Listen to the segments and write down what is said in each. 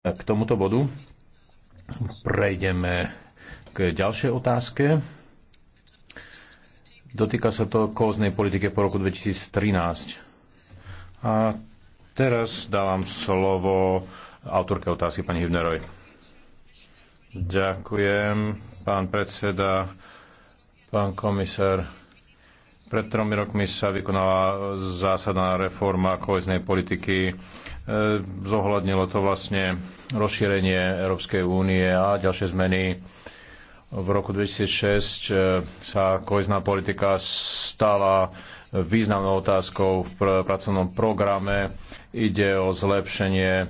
K tomuto bodu prejdeme k ďalšej otázke. Dotýka sa to kóznej politike po roku 2013. A teraz dávam slovo autorke otázky pani Hübnerovi. Ďakujem, pán predseda, pán komisár pred tromi rokmi sa vykonala zásadná reforma koheznej politiky. E, zohľadnilo to vlastne rozšírenie Európskej únie a ďalšie zmeny. V roku 2006 e, sa kohezná politika stala významnou otázkou v pracovnom programe. Ide o zlepšenie e,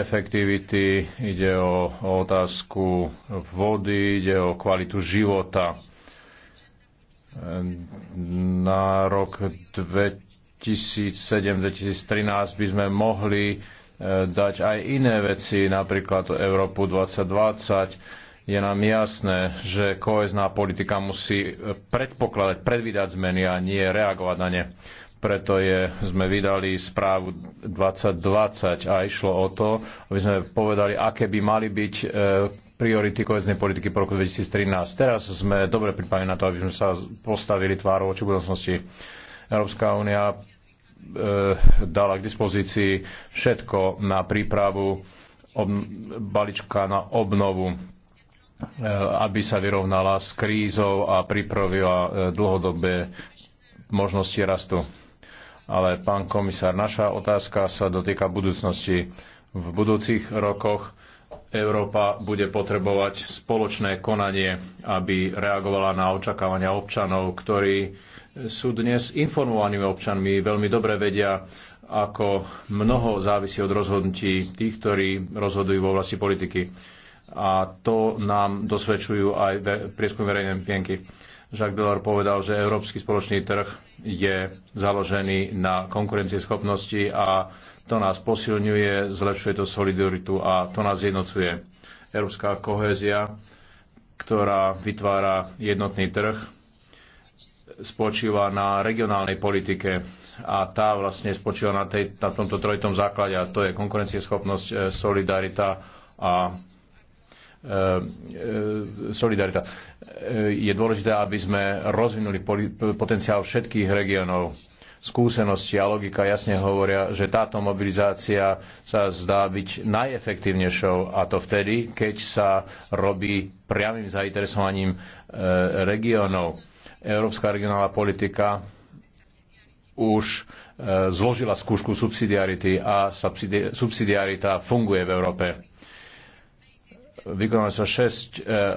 efektivity, ide o otázku vody, ide o kvalitu života na rok 2007-2013 by sme mohli e, dať aj iné veci, napríklad Európu 2020. Je nám jasné, že kohezná politika musí predpokladať, predvídať zmeny a nie reagovať na ne. Preto je, sme vydali správu 2020 a išlo o to, aby sme povedali, aké by mali byť e, priority koheznej politiky po roku 2013. Teraz sme dobre pripravení na to, aby sme sa postavili tvárou oči budúcnosti. Európska únia e, dala k dispozícii všetko na prípravu ob, balíčka na obnovu, e, aby sa vyrovnala s krízou a pripravila e, dlhodobé možnosti rastu. Ale pán komisár, naša otázka sa dotýka budúcnosti. V budúcich rokoch Európa bude potrebovať spoločné konanie, aby reagovala na očakávania občanov, ktorí sú dnes informovanými občanmi, veľmi dobre vedia, ako mnoho závisí od rozhodnutí tých, ktorí rozhodujú vo vlasti politiky. A to nám dosvedčujú aj prieskum verejnej mienky. Jacques Delors povedal, že európsky spoločný trh je založený na konkurencieschopnosti a to nás posilňuje, zlepšuje to solidaritu a to nás jednocuje. Európska kohézia, ktorá vytvára jednotný trh, spočíva na regionálnej politike a tá vlastne spočíva na, tej, na tomto trojitom základe a to je konkurencieschopnosť, e, solidarita a e, e, solidarita. Je dôležité, aby sme rozvinuli potenciál všetkých regiónov skúsenosti a logika jasne hovoria, že táto mobilizácia sa zdá byť najefektívnejšou a to vtedy, keď sa robí priamým zainteresovaním e, regiónov. Európska regionálna politika už e, zložila skúšku subsidiarity a subsidi- subsidiarita funguje v Európe vykonali sa so e,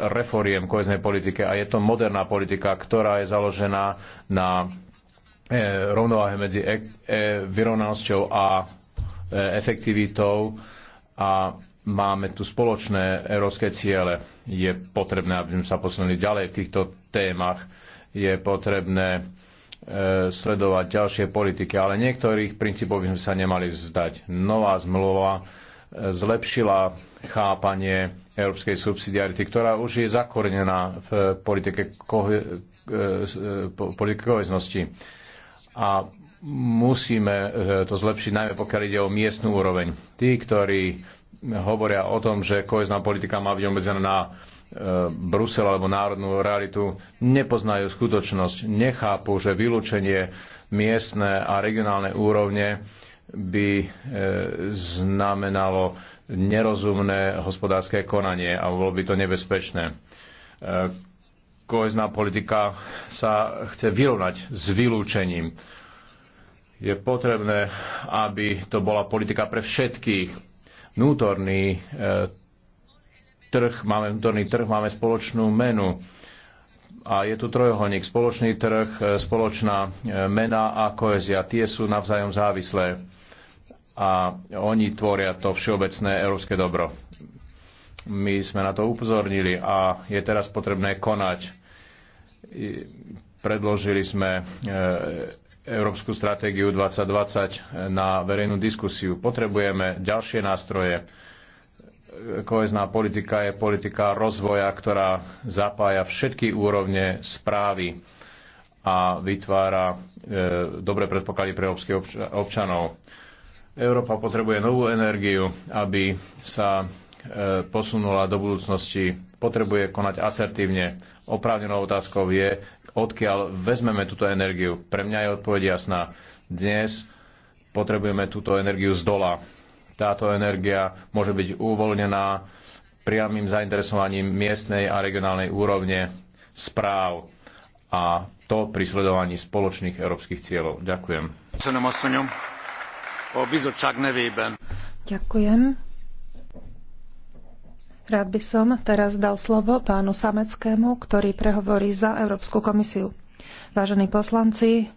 reforiem koheznej politike a je to moderná politika, ktorá je založená na E, rovnováhe medzi e- e- vyrovnanosťou a e- efektivitou a máme tu spoločné európske ciele. Je potrebné, aby sme sa posunuli ďalej v týchto témach. Je potrebné e, sledovať ďalšie politiky, ale niektorých princípov by sme sa nemali vzdať. Nová zmluva e, zlepšila chápanie európskej subsidiarity, ktorá už je zakorenená v politike, kohe, e, politike koheznosti a musíme e, to zlepšiť, najmä pokiaľ ide o miestnú úroveň. Tí, ktorí hovoria o tom, že kohezná politika má byť obmedzená na e, Brusel alebo národnú realitu, nepoznajú skutočnosť, nechápu, že vylúčenie miestne a regionálne úrovne by e, znamenalo nerozumné hospodárske konanie a bolo by to nebezpečné kohezná politika sa chce vyrovnať s vylúčením. Je potrebné, aby to bola politika pre všetkých. Vnútorný e, trh, máme vnútorný trh, máme spoločnú menu. A je tu trojuholník, spoločný trh, e, spoločná e, mena a kohezia. Tie sú navzájom závislé a oni tvoria to všeobecné európske dobro. My sme na to upozornili a je teraz potrebné konať Predložili sme e, Európsku stratégiu 2020 e, na verejnú diskusiu. Potrebujeme ďalšie nástroje. Kohezná politika je politika rozvoja, ktorá zapája všetky úrovne správy a vytvára dobre dobré predpoklady pre európskych občanov. Európa potrebuje novú energiu, aby sa E, posunula do budúcnosti, potrebuje konať asertívne. Oprávnenou otázkou je, odkiaľ vezmeme túto energiu. Pre mňa je odpoveď jasná. Dnes potrebujeme túto energiu z dola. Táto energia môže byť uvoľnená priamým zainteresovaním miestnej a regionálnej úrovne správ a to pri sledovaní spoločných európskych cieľov. Ďakujem. Ďakujem. Rád by som teraz dal slovo pánu Sameckému, ktorý prehovorí za Európsku komisiu. Vážení poslanci,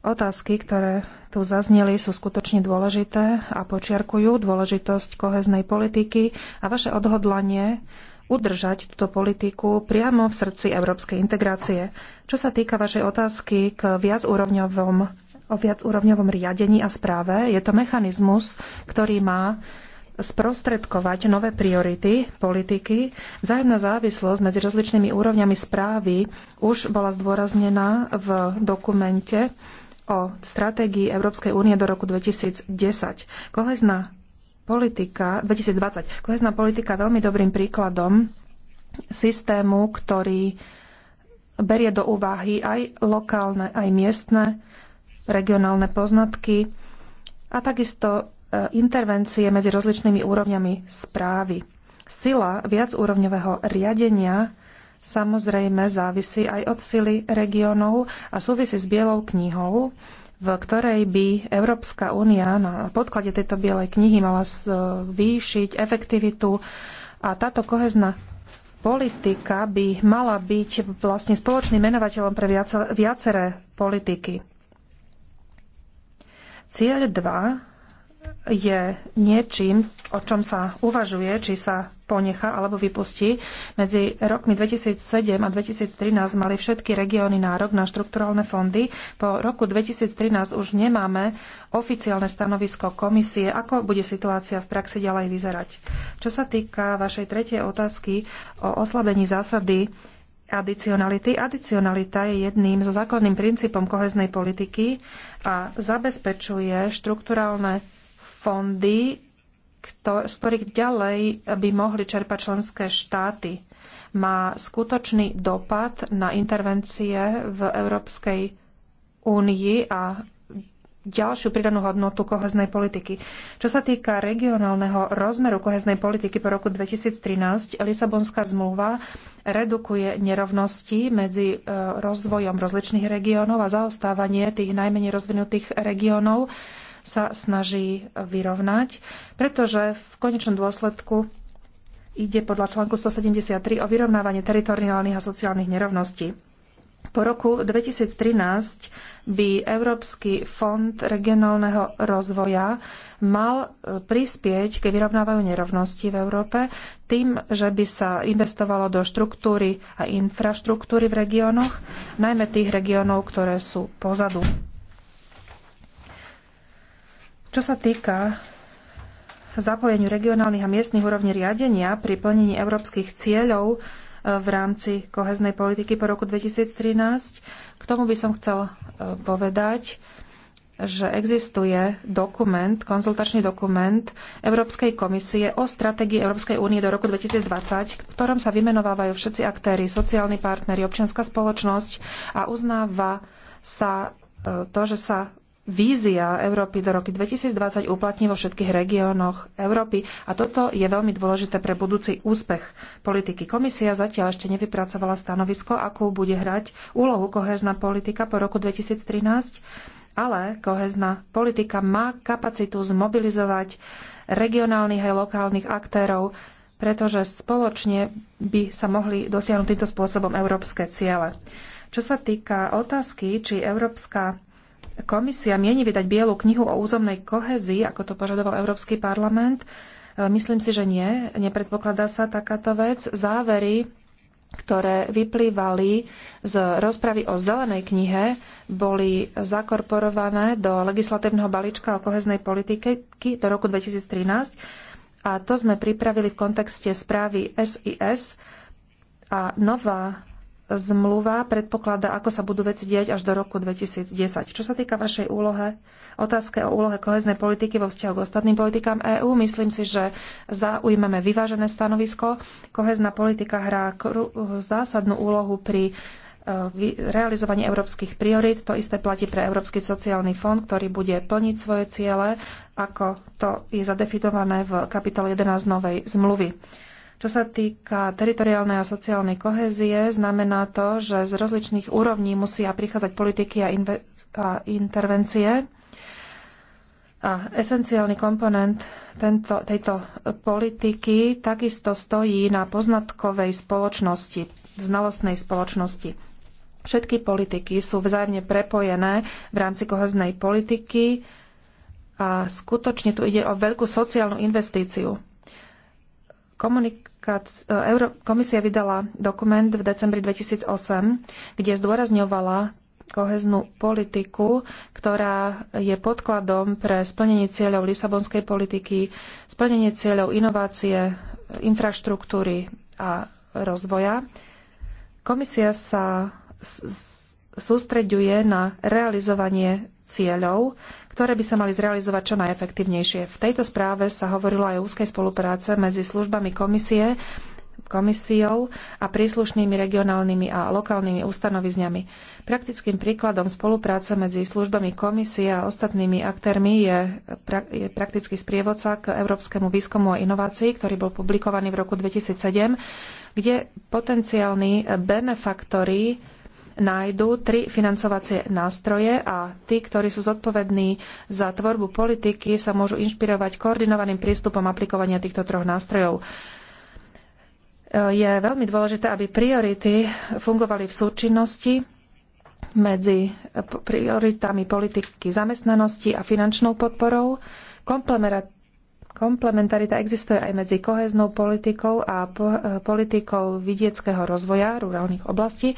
otázky, ktoré tu zazneli, sú skutočne dôležité a počiarkujú dôležitosť koheznej politiky a vaše odhodlanie udržať túto politiku priamo v srdci európskej integrácie. Čo sa týka vašej otázky k viacúrovňovom, o viacúrovňovom riadení a správe, je to mechanizmus, ktorý má sprostredkovať nové priority politiky. Vzájomná závislosť medzi rozličnými úrovňami správy už bola zdôraznená v dokumente o stratégii Európskej únie do roku 2010. Kohezná politika 2020. Kohezná politika veľmi dobrým príkladom systému, ktorý berie do úvahy aj lokálne, aj miestne, regionálne poznatky a takisto E, intervencie medzi rozličnými úrovňami správy. Sila viacúrovňového riadenia samozrejme závisí aj od sily regiónov a súvisí s Bielou knihou, v ktorej by Európska únia na podklade tejto bielej knihy mala e, zvýšiť efektivitu a táto kohezná politika by mala byť vlastne spoločným menovateľom pre viaceré politiky. Cieľ 2 je niečím, o čom sa uvažuje, či sa ponecha alebo vypustí. Medzi rokmi 2007 a 2013 mali všetky regióny nárok na štrukturálne fondy. Po roku 2013 už nemáme oficiálne stanovisko komisie, ako bude situácia v praxi ďalej vyzerať. Čo sa týka vašej tretej otázky o oslabení zásady adicionality. Adicionalita je jedným zo základným princípom koheznej politiky a zabezpečuje štrukturálne fondy, z ktorých ďalej by mohli čerpať členské štáty. Má skutočný dopad na intervencie v Európskej únii a ďalšiu pridanú hodnotu koheznej politiky. Čo sa týka regionálneho rozmeru koheznej politiky po roku 2013, Lisabonská zmluva redukuje nerovnosti medzi e, rozvojom rozličných regiónov a zaostávanie tých najmenej rozvinutých regiónov sa snaží vyrovnať, pretože v konečnom dôsledku ide podľa článku 173 o vyrovnávanie teritoriálnych a sociálnych nerovností. Po roku 2013 by Európsky fond regionálneho rozvoja mal e, prispieť ke vyrovnávaniu nerovnosti v Európe tým, že by sa investovalo do štruktúry a infraštruktúry v regiónoch, najmä tých regiónov, ktoré sú pozadu. Čo sa týka zapojeniu regionálnych a miestnych úrovní riadenia pri plnení európskych cieľov e, v rámci koheznej politiky po roku 2013. K tomu by som chcel e, povedať, že existuje dokument, konzultačný dokument Európskej komisie o stratégii Európskej únie do roku 2020, v ktorom sa vymenovávajú všetci aktéry, sociálni partneri, občianská spoločnosť a uznáva sa e, to, že sa vízia Európy do roku 2020 uplatní vo všetkých regiónoch Európy a toto je veľmi dôležité pre budúci úspech politiky. Komisia zatiaľ ešte nevypracovala stanovisko, akú bude hrať úlohu kohezná politika po roku 2013, ale kohezná politika má kapacitu zmobilizovať regionálnych aj lokálnych aktérov, pretože spoločne by sa mohli dosiahnuť týmto spôsobom európske ciele. Čo sa týka otázky, či Európska Komisia mieni vydať bielu knihu o územnej kohezii, ako to požadoval Európsky parlament. E, myslím si, že nie. Nepredpokladá sa takáto vec. Závery, ktoré vyplývali z rozpravy o zelenej knihe, boli zakorporované do legislatívneho balíčka o koheznej politike do roku 2013 a to sme pripravili v kontexte správy SIS a nová zmluva predpokladá, ako sa budú veci diať až do roku 2010. Čo sa týka vašej úlohe, otázke o úlohe koheznej politiky vo vzťahu k ostatným politikám EÚ, myslím si, že zaujmeme vyvážené stanovisko. Kohezná politika hrá zásadnú úlohu pri e, realizovaní európskych priorít. To isté platí pre Európsky sociálny fond, ktorý bude plniť svoje ciele, ako to je zadefinované v kapitole 11 novej zmluvy. Čo sa týka teritoriálnej a sociálnej kohézie, znamená to, že z rozličných úrovní musia prichádzať politiky a, a intervencie. A esenciálny komponent tento, tejto politiky takisto stojí na poznatkovej spoločnosti, znalostnej spoločnosti. Všetky politiky sú vzájomne prepojené v rámci koheznej politiky a skutočne tu ide o veľkú sociálnu investíciu. Komunik- E, komisia vydala dokument v decembri 2008, kde zdôrazňovala koheznú politiku, ktorá je podkladom pre splnenie cieľov Lisabonskej politiky, splnenie cieľov inovácie, infraštruktúry a rozvoja. Komisia sa sústreďuje na realizovanie cieľov, ktoré by sa mali zrealizovať čo najefektívnejšie. V tejto správe sa hovorilo aj o úzkej spolupráce medzi službami komisie, komisiou a príslušnými regionálnymi a lokálnymi ustanovizňami. Praktickým príkladom spolupráce medzi službami komisie a ostatnými aktérmi je, pra- je praktický sprievodca k Európskemu výskumu a inovácii, ktorý bol publikovaný v roku 2007, kde potenciálni benefaktori nájdu tri financovacie nástroje a tí, ktorí sú zodpovední za tvorbu politiky, sa môžu inšpirovať koordinovaným prístupom aplikovania týchto troch nástrojov. Je veľmi dôležité, aby priority fungovali v súčinnosti medzi prioritami politiky zamestnanosti a finančnou podporou. Komplementarita existuje aj medzi koheznou politikou a politikou vidieckého rozvoja rurálnych oblastí.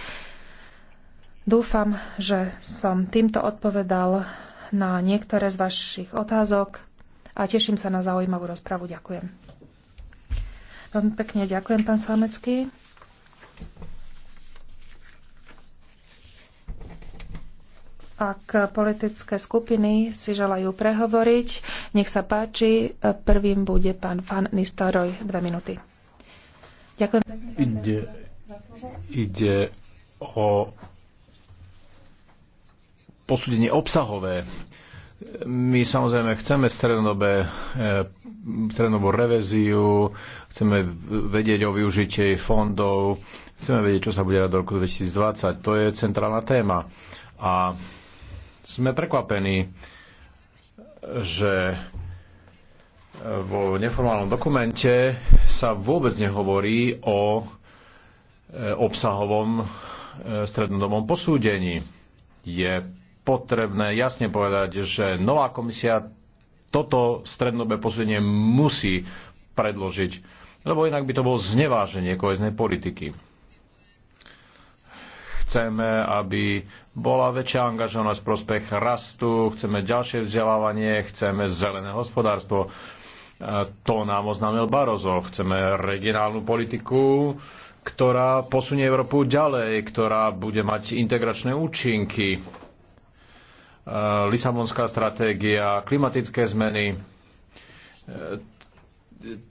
Dúfam, že som týmto odpovedal na niektoré z vašich otázok a teším sa na zaujímavú rozpravu. Ďakujem. Veľmi pekne ďakujem, pán Slamecký. Ak politické skupiny si želajú prehovoriť, nech sa páči, prvým bude pán Fan Nistoroj, dve minúty. Ďakujem. Ide, ide o posúdenie obsahové. My samozrejme chceme strednodobé, e, strednodobú reveziu, chceme vedieť o využití fondov, chceme vedieť, čo sa bude do roku 2020. To je centrálna téma. A sme prekvapení, že vo neformálnom dokumente sa vôbec nehovorí o e, obsahovom e, strednodobom posúdení. Je potrebné jasne povedať, že nová komisia toto strednobé posúdenie musí predložiť, lebo inak by to bolo zneváženie koheznej politiky. Chceme, aby bola väčšia angažovanosť v prospech rastu, chceme ďalšie vzdelávanie, chceme zelené hospodárstvo. E, to nám oznámil Barozo. Chceme regionálnu politiku, ktorá posunie Európu ďalej, ktorá bude mať integračné účinky Eh, Lisabonská stratégia, klimatické zmeny. Eh,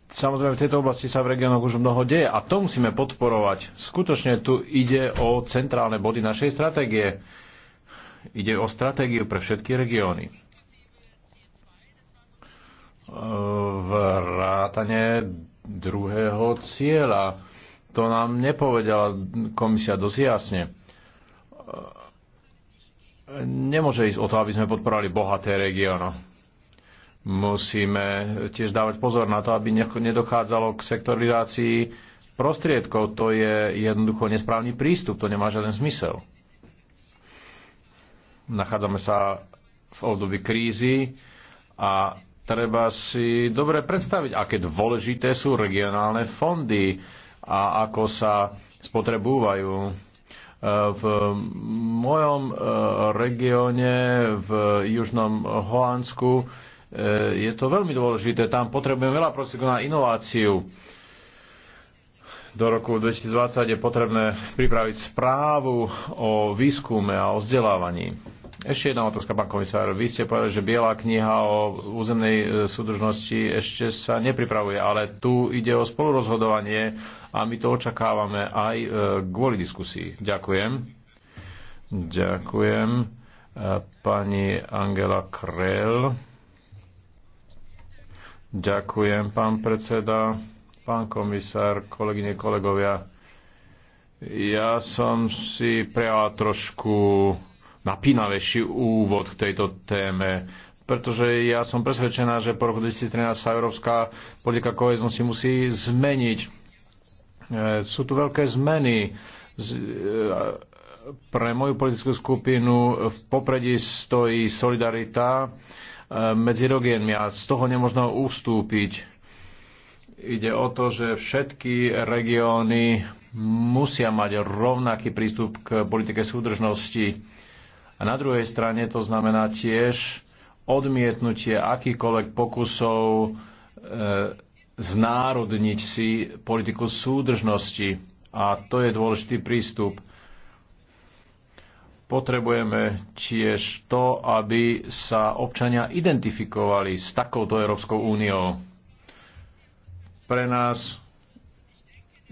samozrejme, v tejto oblasti sa v regiónoch už mnoho deje a to musíme podporovať. Skutočne tu ide o centrálne body našej stratégie. Ide o stratégiu pre všetky regióny. Eh, vrátane druhého cieľa. To nám nepovedala komisia dosť jasne nemôže ísť o to, aby sme podporovali bohaté regióny. Musíme tiež dávať pozor na to, aby nedochádzalo k sektorizácii prostriedkov. To je jednoducho nesprávny prístup, to nemá žiaden zmysel. Nachádzame sa v období krízy a treba si dobre predstaviť, aké dôležité sú regionálne fondy a ako sa spotrebúvajú v mojom e, regióne v južnom Holandsku e, je to veľmi dôležité. Tam potrebujeme veľa prostriedkov na inováciu do roku 2020 je potrebné pripraviť správu o výskume a o vzdelávaní. Ešte jedna otázka, pán komisár. Vy ste povedali, že Biela kniha o územnej e, súdržnosti ešte sa nepripravuje, ale tu ide o spolurozhodovanie a my to očakávame aj e, kvôli diskusii. Ďakujem. Ďakujem. E, pani Angela Krell. Ďakujem, pán predseda, pán komisár, kolegyne, kolegovia. Ja som si prijala trošku napínavejší úvod k tejto téme, pretože ja som presvedčená, že po roku 2013 sa európska politika koheznosti musí zmeniť. E, sú tu veľké zmeny. E, pre moju politickú skupinu v popredí stojí solidarita e, medzi regiónmi a z toho nemožno ustúpiť. Ide o to, že všetky regióny musia mať rovnaký prístup k politike súdržnosti a na druhej strane to znamená tiež odmietnutie akýkoľvek pokusov e, znárodniť si politiku súdržnosti. A to je dôležitý prístup. Potrebujeme tiež to, aby sa občania identifikovali s takouto Európskou úniou. Pre nás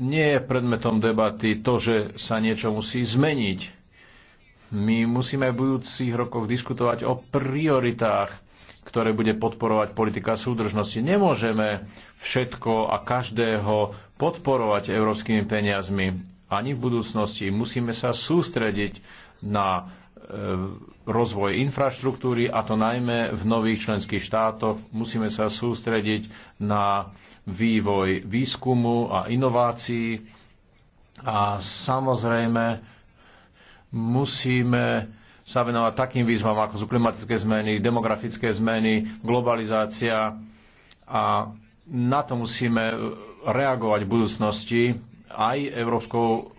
nie je predmetom debaty to, že sa niečo musí zmeniť my musíme v budúcich rokoch diskutovať o prioritách, ktoré bude podporovať politika súdržnosti. Nemôžeme všetko a každého podporovať európskymi peniazmi ani v budúcnosti. Musíme sa sústrediť na e, rozvoj infraštruktúry, a to najmä v nových členských štátoch. Musíme sa sústrediť na vývoj výskumu a inovácií a samozrejme musíme sa venovať takým výzvam, ako sú klimatické zmeny, demografické zmeny, globalizácia a na to musíme reagovať v budúcnosti aj európskou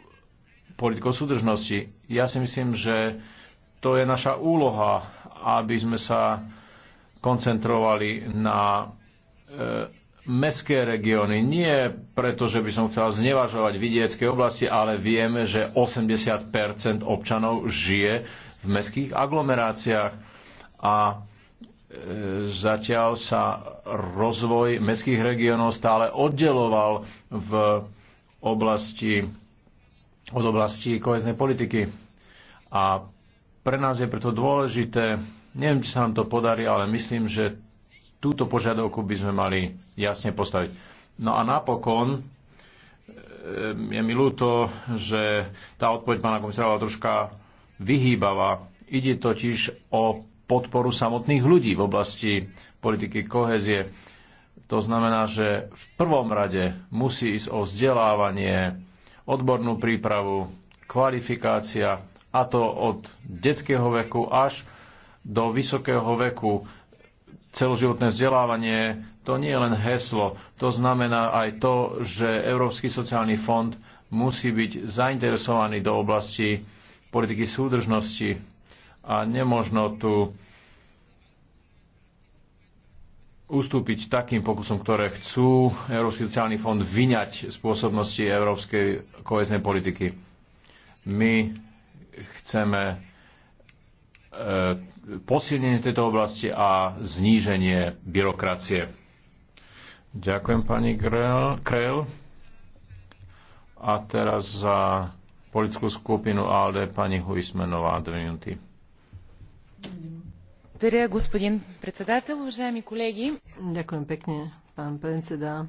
politikou súdržnosti. Ja si myslím, že to je naša úloha, aby sme sa koncentrovali na e, mestské regióny. Nie preto, že by som chcel znevažovať vidiecké oblasti, ale vieme, že 80 občanov žije v mestských aglomeráciách a e, zatiaľ sa rozvoj mestských regiónov stále oddeloval v oblasti, od oblasti koheznej politiky. A pre nás je preto dôležité, neviem, či sa nám to podarí, ale myslím, že túto požiadavku by sme mali jasne postaviť. No a napokon e, je mi ľúto, že tá odpoveď pána komisára bola troška vyhýbava. Ide totiž o podporu samotných ľudí v oblasti politiky kohezie. To znamená, že v prvom rade musí ísť o vzdelávanie, odbornú prípravu, kvalifikácia, a to od detského veku až do vysokého veku celoživotné vzdelávanie to nie je len heslo, to znamená aj to, že Európsky sociálny fond musí byť zainteresovaný do oblasti politiky súdržnosti a nemožno tu ustúpiť takým pokusom, ktoré chcú Európsky sociálny fond vyňať spôsobnosti európskej koheznej politiky. My chceme E, posilnenie tejto oblasti a zníženie byrokracie. Ďakujem pani Krell. A teraz za politickú skupinu ALDE pani Huismenová, dve minúty. Ďakujem pekne, pán predseda.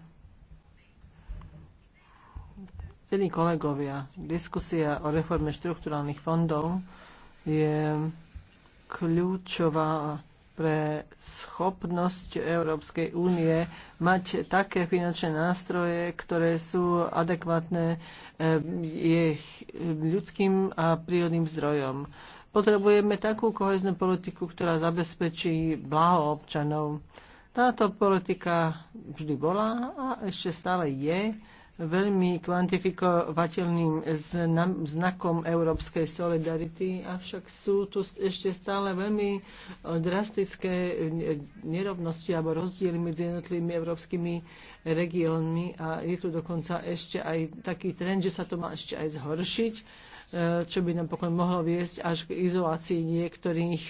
Milí kolegovia, diskusia o reforme štruktúrálnych fondov je kľúčová pre schopnosť Európskej únie mať také finančné nástroje, ktoré sú adekvátne eh, ich ľudským a prírodným zdrojom. Potrebujeme takú koheznú politiku, ktorá zabezpečí blaho občanov. Táto politika vždy bola a ešte stále je veľmi kvantifikovateľným znakom európskej solidarity, avšak sú tu ešte stále veľmi e, drastické e, nerovnosti alebo rozdiely medzi jednotlivými európskymi regiónmi a je tu dokonca ešte aj taký trend, že sa to má ešte aj zhoršiť, e, čo by napokon mohlo viesť až k izolácii niektorých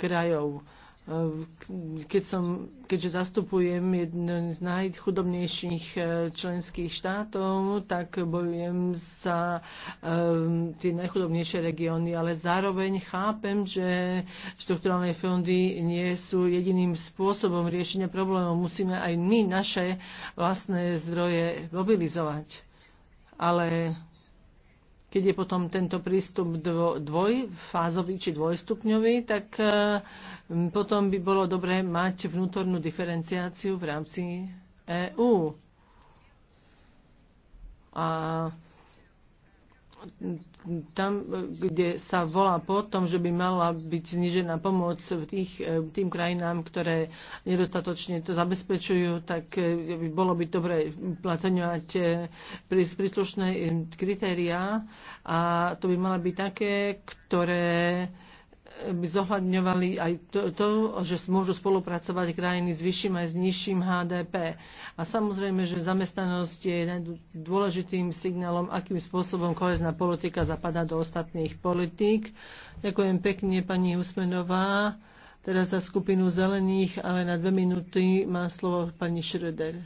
krajov keď som, keďže zastupujem jeden z najchudobnejších e, členských štátov, tak bojujem za um, tie najchudobnejšie regióny, ale zároveň chápem, že štrukturálne fondy nie sú jediným spôsobom riešenia problémov. Musíme aj my naše vlastné zdroje mobilizovať. Ale keď je potom tento prístup dvojfázový či dvojstupňový, tak e, potom by bolo dobré mať vnútornú diferenciáciu v rámci EÚ. A tam, kde sa volá po tom, že by mala byť znižená pomoc tých, e, tým krajinám, ktoré nedostatočne to zabezpečujú, tak e, by bolo by dobre platňovať e, príslušné kritériá a to by mala byť také, ktoré by zohľadňovali aj to, to, že môžu spolupracovať krajiny s vyšším aj s nižším HDP. A samozrejme, že zamestnanosť je dôležitým signálom, akým spôsobom kohezná politika zapadá do ostatných politík. Ďakujem pekne pani Usmenová. Teraz za skupinu zelených, ale na dve minúty má slovo pani Šröder.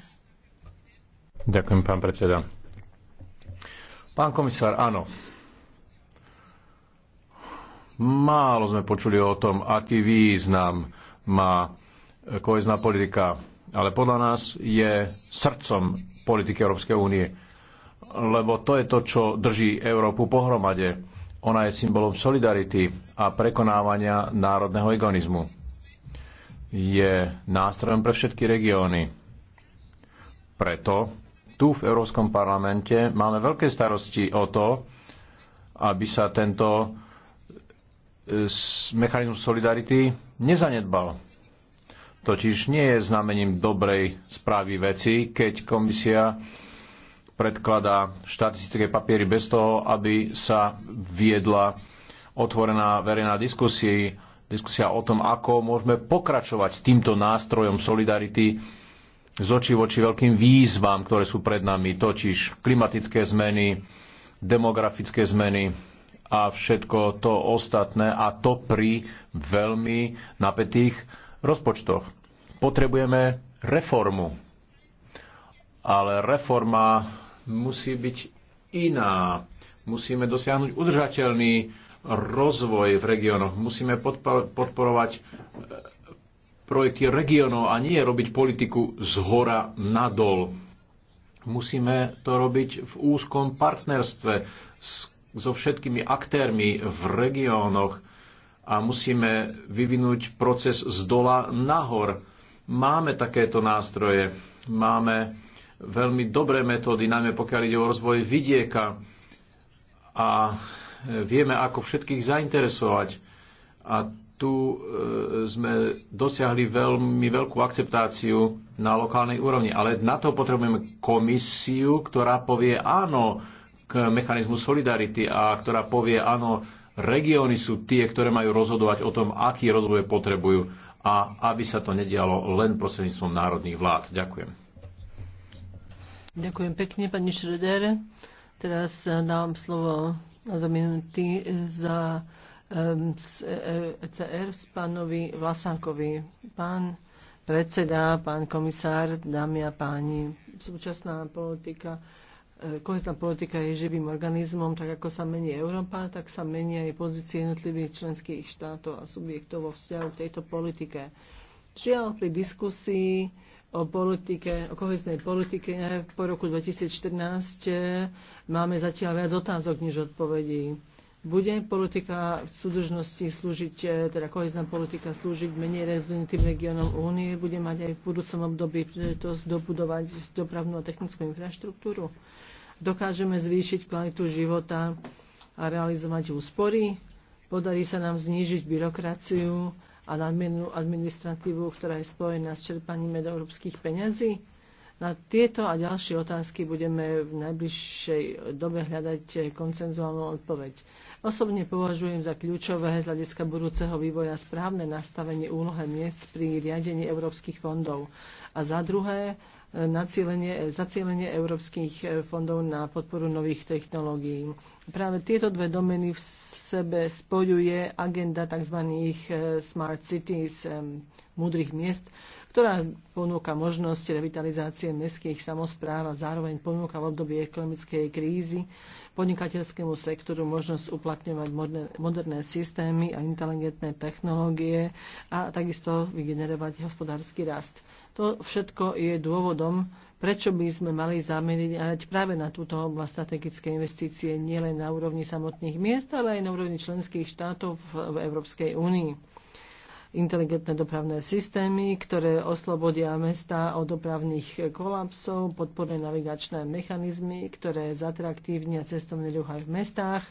Ďakujem, pán predseda. Pán komisár, áno, Málo sme počuli o tom, aký význam má kohezná politika, ale podľa nás je srdcom politiky Európskej únie, lebo to je to, čo drží Európu pohromade. Ona je symbolom solidarity a prekonávania národného egonizmu. Je nástrojom pre všetky regióny. Preto tu v Európskom parlamente máme veľké starosti o to, aby sa tento E, mechanizmus solidarity nezanedbal. Totiž nie je znamením dobrej správy veci, keď komisia predkladá štatistické papiery bez toho, aby sa viedla otvorená verejná diskusia, diskusia o tom, ako môžeme pokračovať s týmto nástrojom solidarity z očí voči veľkým výzvam, ktoré sú pred nami, totiž klimatické zmeny, demografické zmeny, a všetko to ostatné a to pri veľmi napätých rozpočtoch. Potrebujeme reformu, ale reforma musí byť iná. Musíme dosiahnuť udržateľný rozvoj v regiónoch. Musíme podporovať eh, projekty regiónov a nie robiť politiku z hora nadol. Musíme to robiť v úzkom partnerstve s so všetkými aktérmi v regiónoch a musíme vyvinúť proces z dola nahor. Máme takéto nástroje, máme veľmi dobré metódy, najmä pokiaľ ide o rozvoj vidieka a vieme, ako všetkých zainteresovať. A tu e, sme dosiahli veľmi veľkú akceptáciu na lokálnej úrovni. Ale na to potrebujeme komisiu, ktorá povie áno, k mechanizmu solidarity a ktorá povie, áno, regióny sú tie, ktoré majú rozhodovať o tom, aký rozvoj potrebujú a aby sa to nedialo len prostredníctvom národných vlád. Ďakujem. Ďakujem pekne, pani Šreder. Teraz eh, dám slovo na dva minúty za ECR eh, e s pánovi Vlasankovi. Pán predseda, pán komisár, dámy a páni, súčasná politika E, kohezná politika je živým organizmom, tak ako sa mení Európa, tak sa menia aj pozície jednotlivých členských štátov a subjektov vo vzťahu k tejto politike. Žiaľ, pri diskusii o politike, o koheznej politike po roku 2014 e, máme zatiaľ viac otázok než odpovedí. Bude politika v súdržnosti slúžiť, e, teda kohezná politika slúžiť menej rozvinutým regiónom únie, bude mať aj v budúcom období to dobudovať dopravnú a technickú infraštruktúru? dokážeme zvýšiť kvalitu života a realizovať úspory, podarí sa nám znížiť byrokraciu a nadmiernú administratívu, ktorá je spojená s čerpaním európskych peňazí. Na tieto a ďalšie otázky budeme v najbližšej dobe hľadať koncenzuálnu odpoveď. Osobne považujem za kľúčové z hľadiska budúceho vývoja správne nastavenie úlohe miest pri riadení európskych fondov. A za druhé, E, nacielenie, e, zacielenie európskych e, fondov na podporu nových technológií práve tieto dve domeny v sebe spojuje agenda tzv. Eh, smart cities, eh, múdrych miest, ktorá ponúka možnosť revitalizácie mestských samozpráv a zároveň ponúka v období ekonomickej krízy podnikateľskému sektoru možnosť uplatňovať moderné systémy a inteligentné technológie a takisto vygenerovať hospodársky rast. To všetko je dôvodom, Prečo by sme mali zameriať práve na túto oblasť strategické investície nielen na úrovni samotných miest, ale aj na úrovni členských štátov v Európskej únii? inteligentné dopravné systémy, ktoré oslobodia mesta od dopravných kolapsov, podporné navigačné mechanizmy, ktoré zatraktívnia cestovný ruch aj v mestách,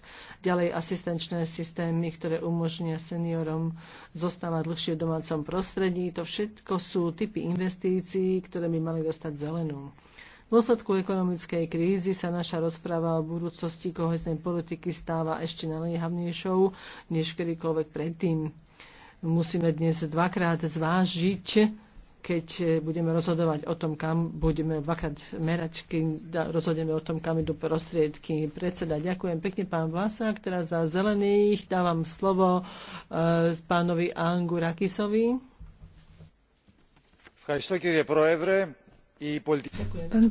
ďalej asistenčné systémy, ktoré umožnia seniorom zostávať dlhšie v domácom prostredí. To všetko sú typy investícií, ktoré by mali dostať zelenú. V dôsledku ekonomickej krízy sa naša rozpráva o budúcnosti kohesnej politiky stáva ešte naliehavnejšou než kedykoľvek predtým musíme dnes dvakrát zvážiť, keď eh, budeme rozhodovať o tom, kam budeme dvakrát merať, keď rozhodneme o tom, kam idú prostriedky. Predseda, ďakujem pekne pán Vlasák. Teraz za zelených dávam slovo e, pánovi Angurakisovi. Ďakujem.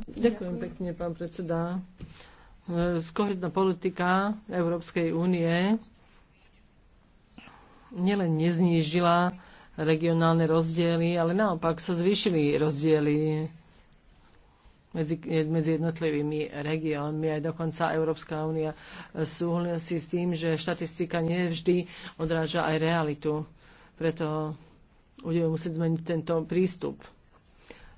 Ďakujem pekne, pán predseda. Eh, Skohredná politika Európskej únie nielen neznížila regionálne rozdiely, ale naopak sa zvýšili rozdiely medzi, medzi jednotlivými regiónmi. Aj dokonca Európska únia súhlasí s tým, že štatistika nevždy odráža aj realitu. Preto budeme musieť zmeniť tento prístup.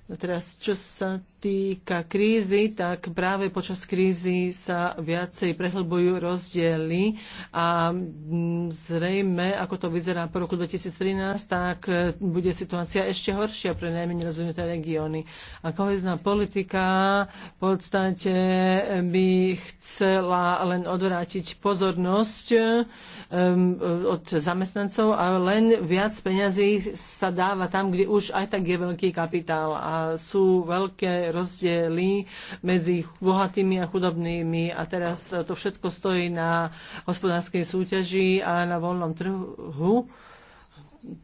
Teraz, čo sa týka krízy, tak práve počas krízy sa viacej prehlbujú rozdiely a mm, zrejme, ako to vyzerá po roku 2013, tak e, bude situácia ešte horšia pre najmenej rozvinuté regióny. A kohezná politika v podstate by chcela len odvrátiť pozornosť Um, od zamestnancov a len viac peňazí sa dáva tam, kde už aj tak je veľký kapitál a sú veľké rozdiely medzi bohatými a chudobnými a teraz to všetko stojí na hospodárskej súťaži a na voľnom trhu.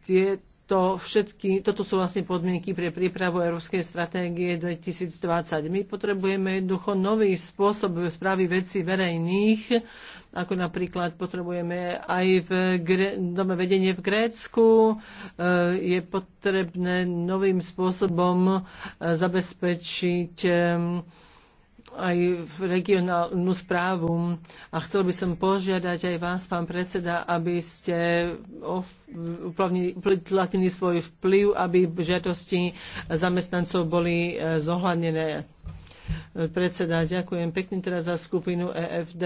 Tie to všetky, toto sú vlastne podmienky pre prípravu Európskej stratégie 2020. My potrebujeme jednoducho nový spôsob správy veci verejných, ako napríklad potrebujeme aj v dome vedenie v Grécku. E, je potrebné novým spôsobom e, zabezpečiť e, aj regionálnu správu. A chcel by som požiadať aj vás, pán predseda, aby ste uplatnili svoj vplyv, aby žiadosti zamestnancov boli e, zohľadnené. Predseda, ďakujem pekne teraz za skupinu EFD.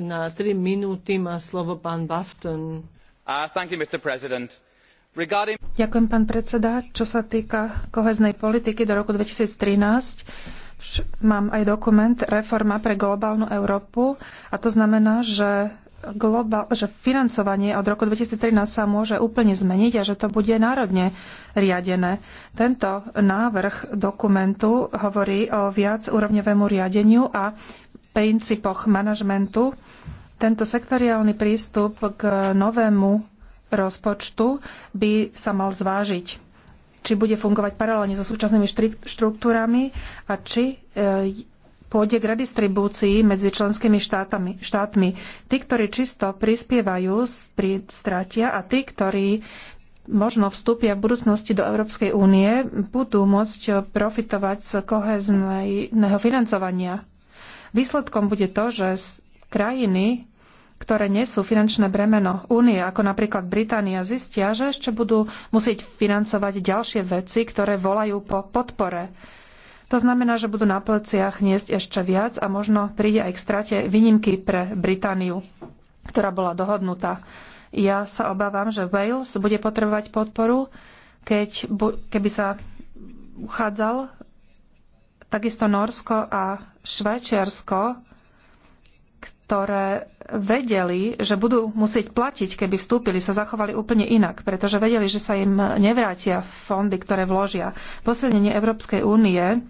Na tri minúty má slovo pán Bafton. Uh, you, Regarding... Ďakujem, pán predseda. Čo sa týka koheznej politiky do roku 2013, mám aj dokument Reforma pre globálnu Európu a to znamená, že, globál, že financovanie od roku 2013 sa môže úplne zmeniť a že to bude národne riadené. Tento návrh dokumentu hovorí o viac úrovňovému riadeniu a princípoch manažmentu. Tento sektoriálny prístup k novému rozpočtu by sa mal zvážiť či bude fungovať paralelne so súčasnými štruktúrami a či e, pôjde k redistribúcii medzi členskými štátami, štátmi. Tí, ktorí čisto prispievajú, pri stratia a tí, ktorí možno vstúpia v budúcnosti do Európskej únie, budú môcť profitovať z kohezného financovania. Výsledkom bude to, že krajiny ktoré nesú finančné bremeno únie, ako napríklad Británia, zistia, že ešte budú musieť financovať ďalšie veci, ktoré volajú po podpore. To znamená, že budú na pleciach niesť ešte viac a možno príde aj k strate výnimky pre Britániu, ktorá bola dohodnutá. Ja sa obávam, že Wales bude potrebovať podporu, keď, keby sa uchádzal takisto Norsko a Švajčiarsko ktoré vedeli, že budú musieť platiť, keby vstúpili, sa zachovali úplne inak, pretože vedeli, že sa im nevrátia fondy, ktoré vložia. Posilnenie Európskej únie,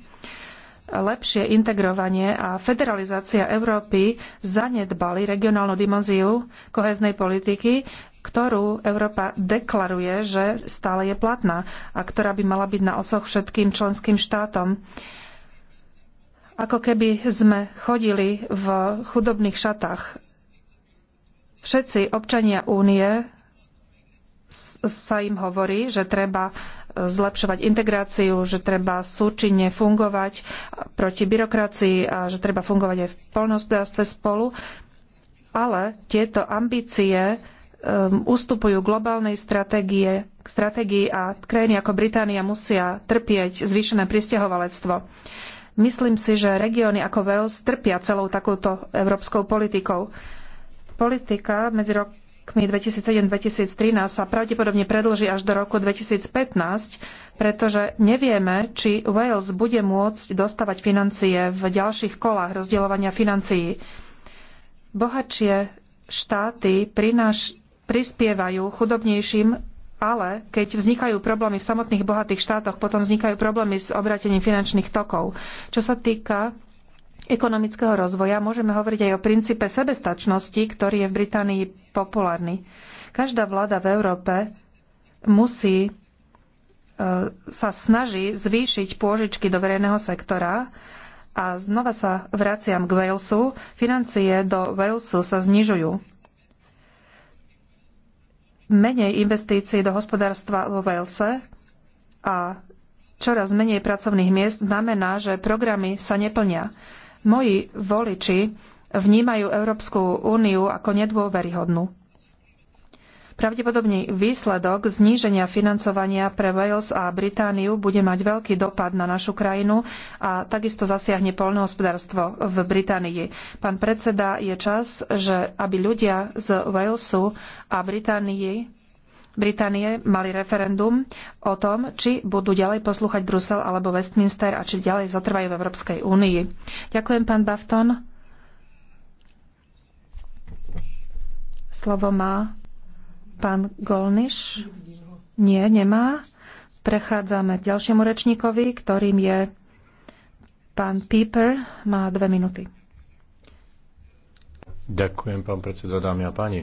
lepšie integrovanie a federalizácia Európy zanedbali regionálnu dimenziu koheznej politiky, ktorú Európa deklaruje, že stále je platná a ktorá by mala byť na osoch všetkým členským štátom ako keby sme chodili v chudobných šatách. Všetci občania únie sa im hovorí, že treba zlepšovať integráciu, že treba súčinne fungovať proti byrokracii a že treba fungovať aj v poľnohospodárstve spolu. Ale tieto ambície um, ustupujú globálnej stratégie, k stratégii a krajiny ako Británia musia trpieť zvýšené pristahovalectvo. Myslím si, že regióny ako Wales trpia celou takouto európskou politikou. Politika medzi rokmi 2007-2013 sa pravdepodobne predlží až do roku 2015, pretože nevieme, či Wales bude môcť dostávať financie v ďalších kolách rozdeľovania financií. Bohatšie štáty prináš, prispievajú chudobnejším ale keď vznikajú problémy v samotných bohatých štátoch, potom vznikajú problémy s obratením finančných tokov. Čo sa týka ekonomického rozvoja, môžeme hovoriť aj o princípe sebestačnosti, ktorý je v Británii populárny. Každá vláda v Európe musí e, sa snaží zvýšiť pôžičky do verejného sektora a znova sa vraciam k Walesu. Financie do Walesu sa znižujú menej investícií do hospodárstva vo Walese a čoraz menej pracovných miest znamená, že programy sa neplnia. Moji voliči vnímajú Európsku úniu ako nedôveryhodnú. Pravdepodobný výsledok zníženia financovania pre Wales a Britániu bude mať veľký dopad na našu krajinu a takisto zasiahne poľnohospodárstvo v Británii. Pán predseda, je čas, že aby ľudia z Walesu a Británii Británie mali referendum o tom, či budú ďalej poslúchať Brusel alebo Westminster a či ďalej zotrvajú v Európskej únii. Ďakujem, pán Dafton. Slovo má Pán Golniš? Nie, nemá. Prechádzame k ďalšiemu rečníkovi, ktorým je pán Pieper. Má dve minúty. Ďakujem, pán predseda, dámy a páni.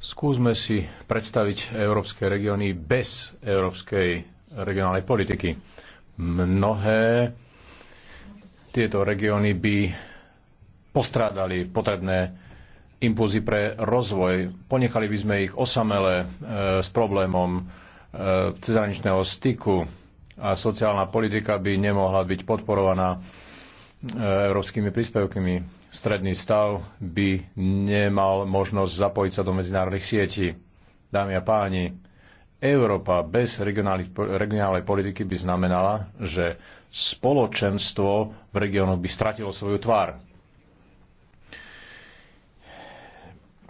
Skúsme si predstaviť európske regióny bez európskej regionálnej politiky. Mnohé tieto regióny by postrádali potrebné impulzy pre rozvoj. Ponechali by sme ich osamele e, s problémom e, cezraničného styku a sociálna politika by nemohla byť podporovaná e, európskymi príspevkami. Stredný stav by nemal možnosť zapojiť sa do medzinárodných sietí. Dámy a páni, Európa bez regionálnej politiky by znamenala, že spoločenstvo v regiónoch by stratilo svoju tvár.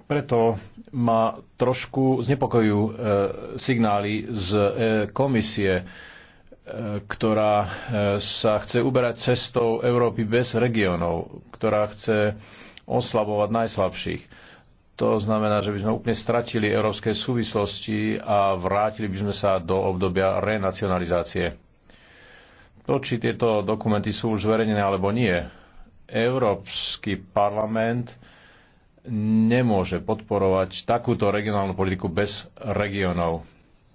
preto ma trošku znepokojujú e, signály z e, komisie, e, ktorá sa chce uberať cestou Európy bez regiónov, ktorá chce oslabovať najslabších. To znamená, že by sme úplne stratili európske súvislosti a vrátili by sme sa do obdobia renacionalizácie. To, či tieto dokumenty sú už zverejnené alebo nie, Európsky parlament nemôže podporovať takúto regionálnu politiku bez regionov.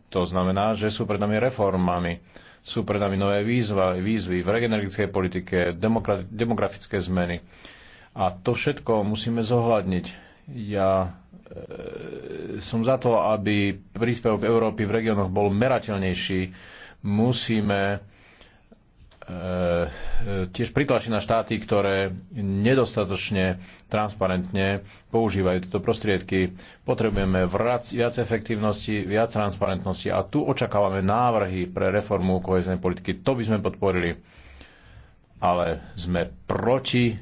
To znamená, že sú pred nami reformami, sú pred nami nové výzva, výzvy v regionalickej politike, demografické zmeny. A to všetko musíme zohľadniť. Ja e, som za to, aby príspevok Európy v regiónoch bol merateľnejší. Musíme E, e, tiež pritlačí na štáty, ktoré nedostatočne transparentne používajú tieto prostriedky. Potrebujeme vrac, viac efektívnosti, viac transparentnosti a tu očakávame návrhy pre reformu koheznej politiky. To by sme podporili. Ale sme proti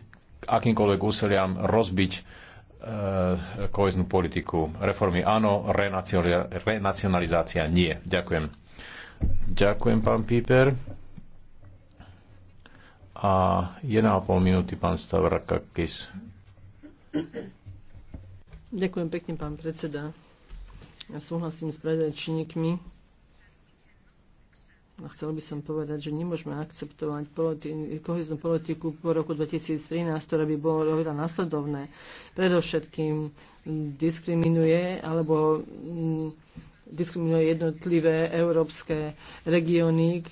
akýmkoľvek úsiliam rozbiť e, koheznú politiku. Reformy áno, renacionalizácia nie. Ďakujem. Ďakujem, pán Píper a 1,5 minúty pán Stavrakakis. Ďakujem pekne, pán predseda. Ja súhlasím s predrečníkmi. A chcel by som povedať, že nemôžeme akceptovať politi- koheznú politiku po roku 2013, ktorá by bola oveľa nasledovné. Predovšetkým diskriminuje alebo mm, diskriminuje jednotlivé európske regióny,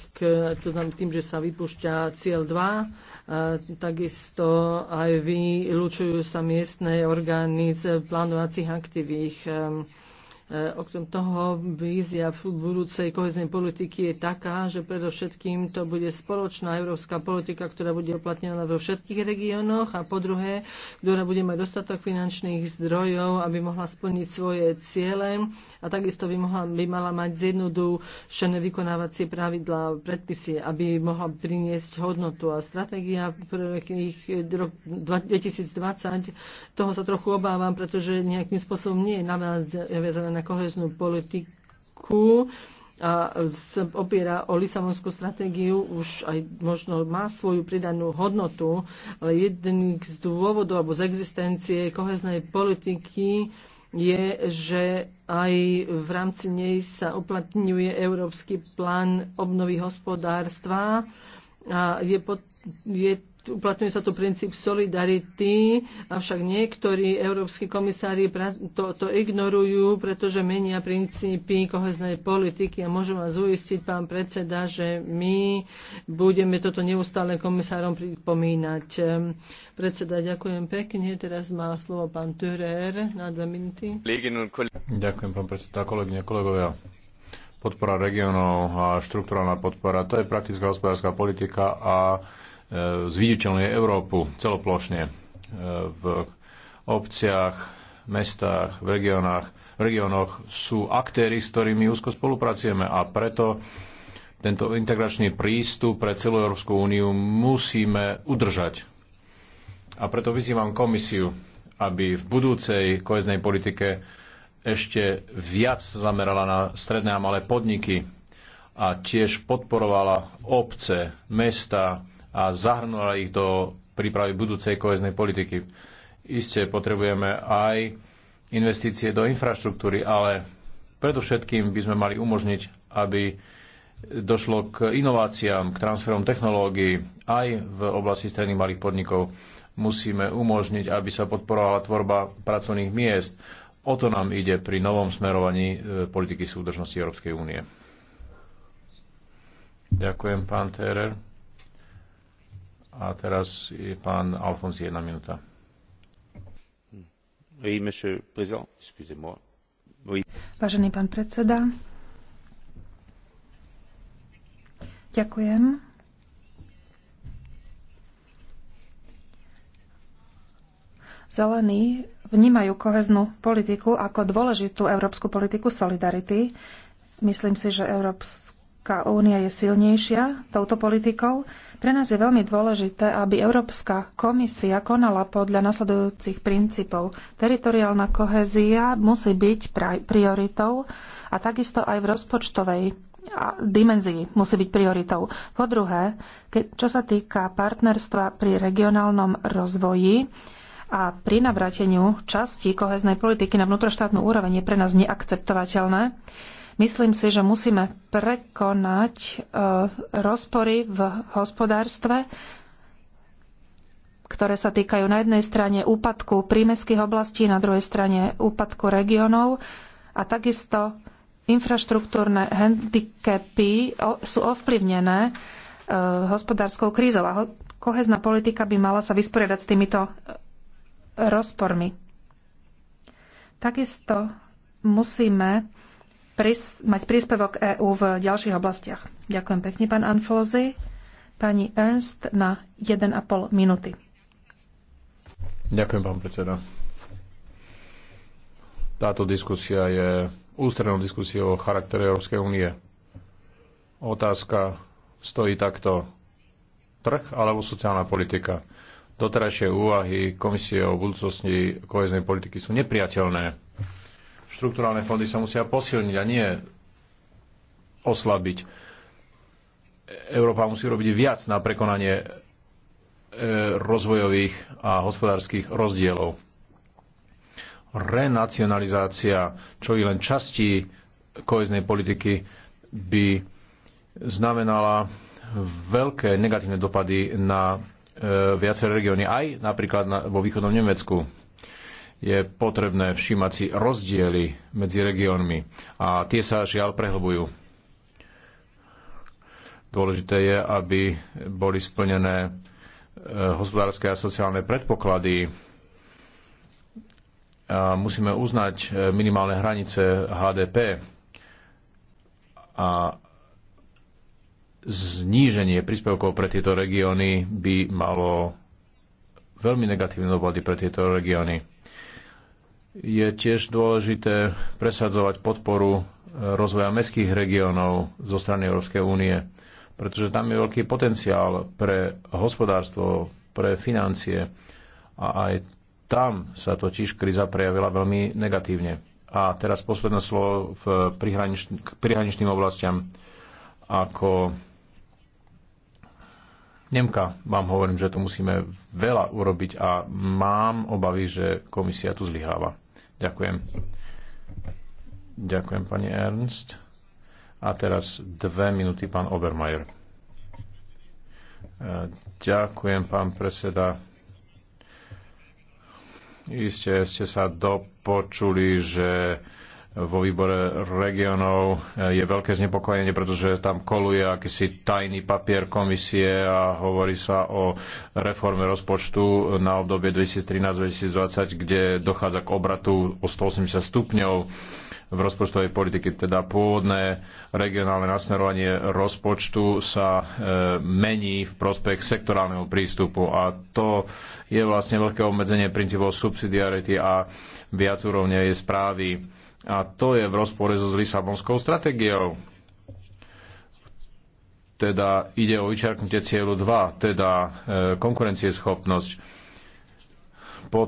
to znamená tým, že sa vypúšťa cieľ 2, takisto aj vylúčujú sa miestne orgány z plánovacích aktivít Eh, okrem toho vízia v budúcej koheznej politiky je taká, že predovšetkým to bude spoločná európska politika, ktorá bude uplatnená vo všetkých regiónoch a po druhé, ktorá bude mať dostatok finančných zdrojov, aby mohla splniť svoje ciele a takisto by, mohla, by mala mať zjednodušené vykonávacie pravidlá predpisy, aby mohla priniesť hodnotu a stratégia 2020 toho sa trochu obávam, pretože nejakým spôsobom nie je naviazané na koheznú politiku a sa opiera o Lisabonskú stratégiu, už aj možno má svoju pridanú hodnotu, ale jeden z dôvodov alebo z existencie koheznej politiky je, že aj v rámci nej sa uplatňuje Európsky plán obnovy hospodárstva a je, pod, je uplatňuje sa tu princíp solidarity, avšak niektorí európsky komisári to, to ignorujú, pretože menia princípy koheznej politiky a môžem vás uistiť, pán predseda, že my budeme toto neustále komisárom pripomínať. Ehm, predseda, ďakujem pekne. Teraz má slovo pán Türer na dve minúty. Ďakujem, pán predseda, kolegyne, kolegovia podpora regionov a štruktúrálna podpora. To je praktická hospodárska politika a E, zviditeľňuje Európu celoplošne e, v obciach, mestách, v regionách, v regiónoch sú aktéry, s ktorými úzko spolupracujeme a preto tento integračný prístup pre celú Európsku úniu musíme udržať. A preto vyzývam komisiu, aby v budúcej koheznej politike ešte viac zamerala na stredné a malé podniky a tiež podporovala obce, mesta, a zahrnula ich do prípravy budúcej koheznej politiky. Isté potrebujeme aj investície do infraštruktúry, ale predovšetkým by sme mali umožniť, aby došlo k inováciám, k transferom technológií aj v oblasti stredných malých podnikov. Musíme umožniť, aby sa podporovala tvorba pracovných miest. O to nám ide pri novom smerovaní e, politiky súdržnosti Európskej únie. Ďakujem, pán Terer. A teraz je pán Alfons, jedna minúta. Vážený pán predseda, ďakujem. Zelení vnímajú koheznú politiku ako dôležitú európsku politiku solidarity. Myslím si, že európsku Európska únia je silnejšia touto politikou, pre nás je veľmi dôležité, aby Európska komisia konala podľa nasledujúcich princípov. Teritoriálna kohézia musí byť prioritou a takisto aj v rozpočtovej dimenzii musí byť prioritou. Po druhé, čo sa týka partnerstva pri regionálnom rozvoji, a pri navrateniu časti koheznej politiky na vnútroštátnu úroveň je pre nás neakceptovateľné, Myslím si, že musíme prekonať eh, rozpory v hospodárstve, ktoré sa týkajú na jednej strane úpadku prímeských oblastí, na druhej strane úpadku regionov a takisto infraštruktúrne handicapy sú ovplyvnené eh, hospodárskou krízou a kohezná politika by mala sa vysporiadať s týmito eh, rozpormi. Takisto musíme mať príspevok EÚ v ďalších oblastiach. Ďakujem pekne, pán Anfózy. Pani Ernst na 1,5 minúty. Ďakujem, pán predseda. Táto diskusia je ústrednou diskusiou o charaktere Európskej únie. Otázka stojí takto. Trh alebo sociálna politika? Doterajšie úvahy komisie o budúcnosti koheznej politiky sú nepriateľné Štruktúrálne fondy sa musia posilniť a nie oslabiť. Európa musí robiť viac na prekonanie e, rozvojových a hospodárskych rozdielov. Renacionalizácia, čo i len časti koheznej politiky, by znamenala veľké negatívne dopady na e, viaceré regióny, aj napríklad na, vo východnom Nemecku je potrebné všímať si rozdiely medzi regiónmi a tie sa žiaľ prehlbujú. Dôležité je, aby boli splnené e, hospodárske a sociálne predpoklady. A musíme uznať e, minimálne hranice HDP a zníženie príspevkov pre tieto regióny by malo veľmi negatívne dopady pre tieto regióny je tiež dôležité presadzovať podporu e, rozvoja mestských regiónov zo strany Európskej únie, pretože tam je veľký potenciál pre hospodárstvo, pre financie a aj tam sa totiž kríza prejavila veľmi negatívne. A teraz posledné slovo v prihraničn- k prihraničným oblastiam ako Nemka, vám hovorím, že tu musíme veľa urobiť a mám obavy, že komisia tu zlyháva. Ďakujem. Ďakujem, pani Ernst. A teraz dve minúty, pán Obermajer. E, ďakujem, pán predseda. Iste ste sa dopočuli, že vo výbore regionov eh, je veľké znepokojenie, pretože tam koluje akýsi tajný papier komisie a hovorí sa o reforme rozpočtu na obdobie 2013-2020, kde dochádza k obratu o 180 stupňov v rozpočtovej politike. Teda pôvodné regionálne nasmerovanie rozpočtu sa e, mení v prospech sektorálneho prístupu a to je vlastne veľké obmedzenie princípov subsidiarity a viac úrovne správy a to je v rozpore so Lisabonskou stratégiou. Teda ide o vyčerknutie cieľu 2, teda e, konkurencieschopnosť.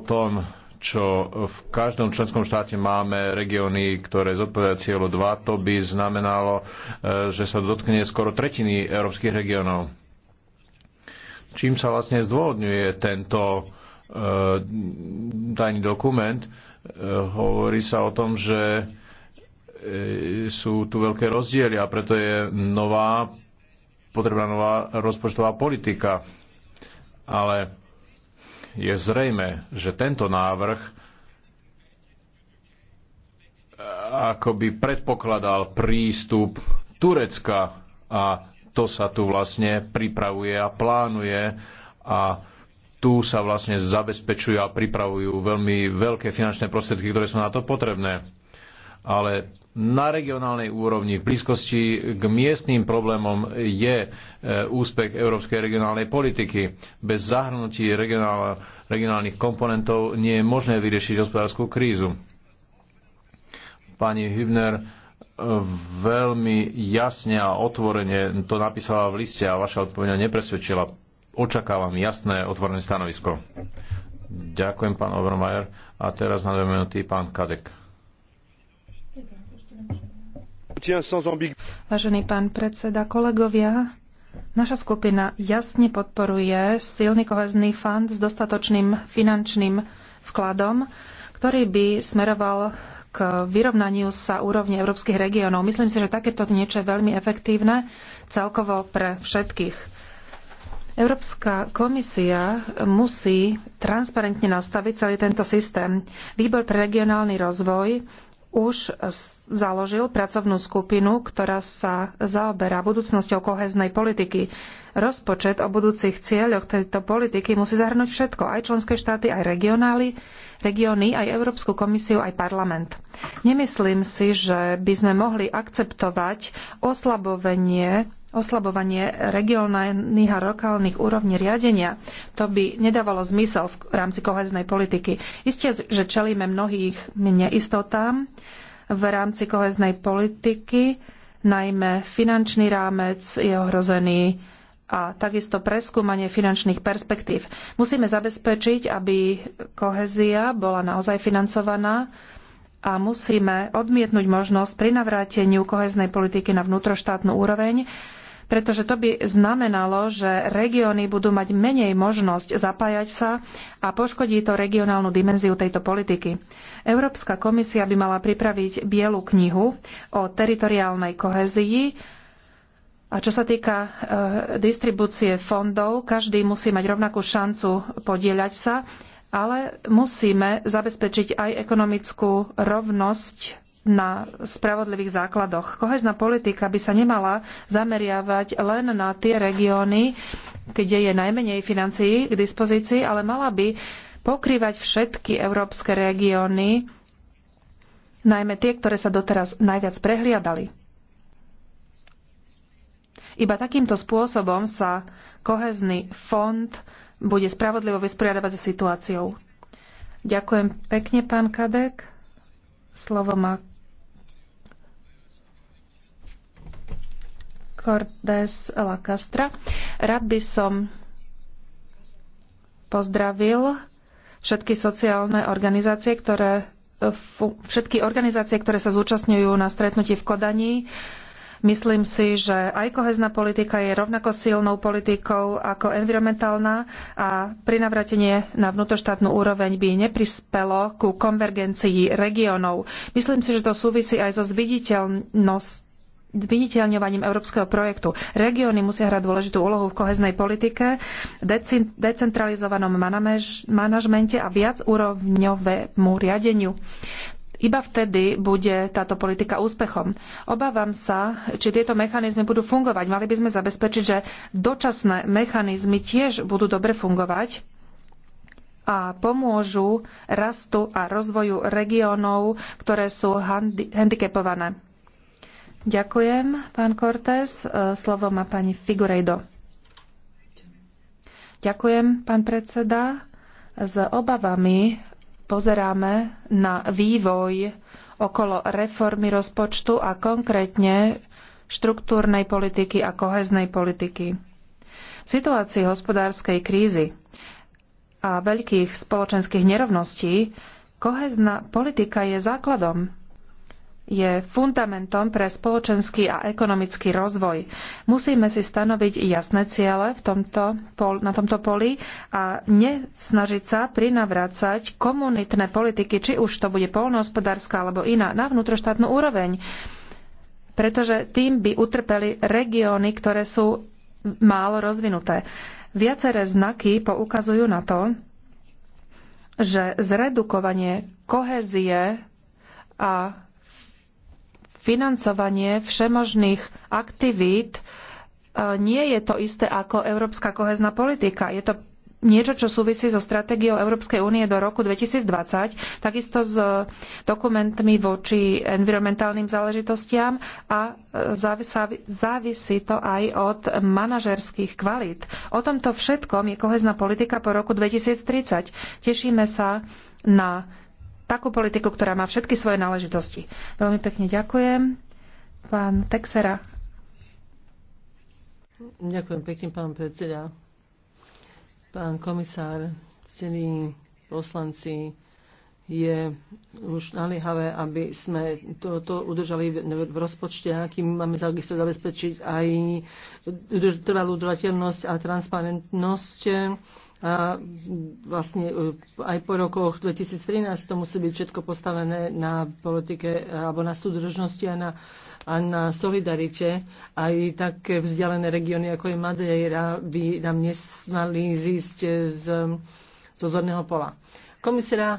tom, čo v každom členskom štáte máme regióny, ktoré zodpovedajú cieľu 2, to by znamenalo, e, že sa dotkne skoro tretiny európskych regiónov. Čím sa vlastne zdôvodňuje tento e, tajný dokument? hovorí sa o tom, že e, sú tu veľké rozdiely a preto je nová, potrebná nová rozpočtová politika. Ale je zrejme, že tento návrh akoby predpokladal prístup Turecka a to sa tu vlastne pripravuje a plánuje a tu sa vlastne zabezpečujú a pripravujú veľmi veľké finančné prostriedky, ktoré sú na to potrebné. Ale na regionálnej úrovni v blízkosti k miestným problémom je e, úspech európskej regionálnej politiky. Bez zahrnutí regionál, regionálnych komponentov nie je možné vyriešiť hospodárskú krízu. Pani Hübner, e, veľmi jasne a otvorene to napísala v liste a vaša odpoveď nepresvedčila očakávam jasné otvorené stanovisko. Ďakujem, pán Overmajer. A teraz na dve minúty pán Kadek. Vážený pán predseda, kolegovia, Naša skupina jasne podporuje silný kohezný fond s dostatočným finančným vkladom, ktorý by smeroval k vyrovnaniu sa úrovne európskych regiónov. Myslím si, že takéto niečo je veľmi efektívne celkovo pre všetkých. Európska komisia musí transparentne nastaviť celý tento systém. Výbor pre regionálny rozvoj už založil pracovnú skupinu, ktorá sa zaoberá budúcnosťou koheznej politiky. Rozpočet o budúcich cieľoch tejto politiky musí zahrnúť všetko, aj členské štáty, aj regionály, regióny, aj Európsku komisiu, aj parlament. Nemyslím si, že by sme mohli akceptovať oslabovanie oslabovanie regionálnych a lokálnych úrovní riadenia, to by nedávalo zmysel v rámci koheznej politiky. Isté, že čelíme mnohých neistotám v rámci koheznej politiky, najmä finančný rámec je ohrozený a takisto preskúmanie finančných perspektív. Musíme zabezpečiť, aby kohézia bola naozaj financovaná a musíme odmietnúť možnosť pri navráteniu koheznej politiky na vnútroštátnu úroveň, pretože to by znamenalo, že regióny budú mať menej možnosť zapájať sa a poškodí to regionálnu dimenziu tejto politiky. Európska komisia by mala pripraviť bielu knihu o teritoriálnej kohezii a čo sa týka e, distribúcie fondov, každý musí mať rovnakú šancu podieľať sa, ale musíme zabezpečiť aj ekonomickú rovnosť na spravodlivých základoch. Kohezná politika by sa nemala zameriavať len na tie regióny, kde je najmenej financií k dispozícii, ale mala by pokrývať všetky európske regióny, najmä tie, ktoré sa doteraz najviac prehliadali. Iba takýmto spôsobom sa kohezný fond bude spravodlivo vysporiadavať so situáciou. Ďakujem pekne, pán Kadek. Slovo má Cordes la Castra. Rád by som pozdravil všetky sociálne organizácie, ktoré, všetky organizácie, ktoré sa zúčastňujú na stretnutí v Kodani. Myslím si, že aj kohezná politika je rovnako silnou politikou ako environmentálna a prinavratenie na vnútoštátnu úroveň by neprispelo ku konvergencii regiónov. Myslím si, že to súvisí aj so zviditeľnosťou zviditeľňovaním európskeho projektu. Regióny musia hrať dôležitú úlohu v koheznej politike, decentralizovanom manažmente a viacúrovňovému riadeniu. Iba vtedy bude táto politika úspechom. Obávam sa, či tieto mechanizmy budú fungovať. Mali by sme zabezpečiť, že dočasné mechanizmy tiež budú dobre fungovať a pomôžu rastu a rozvoju regiónov, ktoré sú handikepované Ďakujem, pán Cortés. E, slovo má pani Figurejdo. Ďakujem, pán predseda. S obavami pozeráme na vývoj okolo reformy rozpočtu a konkrétne štruktúrnej politiky a koheznej politiky. V situácii hospodárskej krízy a veľkých spoločenských nerovností kohezná politika je základom je fundamentom pre spoločenský a ekonomický rozvoj. Musíme si stanoviť jasné ciele v tomto, na tomto poli a nesnažiť sa prinavrácať komunitné politiky, či už to bude polnohospodárska alebo iná, na vnútroštátnu úroveň. Pretože tým by utrpeli regióny, ktoré sú málo rozvinuté. Viaceré znaky poukazujú na to, že zredukovanie kohézie a financovanie všemožných aktivít e, nie je to isté ako európska kohezná politika. Je to niečo, čo súvisí so stratégiou Európskej únie do roku 2020, takisto s dokumentmi voči environmentálnym záležitostiam a e, závisí to aj od manažerských kvalít. O tomto všetkom je kohezná politika po roku 2030. Tešíme sa na takú politiku, ktorá má všetky svoje náležitosti. Veľmi pekne ďakujem. Pán Texera. Ďakujem pekne, pán predseda. Pán komisár, ctení poslanci, je už naliehavé, aby sme toto udržali v, rozpočte, akým máme takisto zabezpečiť aj trvalú udržateľnosť a transparentnosť a vlastne e, aj po rokoch 2013 to musí byť všetko postavené na politike alebo na súdržnosti a na a na solidarite. Aj také vzdialené regióny, ako je Madeira, by nám nesmali zísť e, z, z pozorného pola. Komisera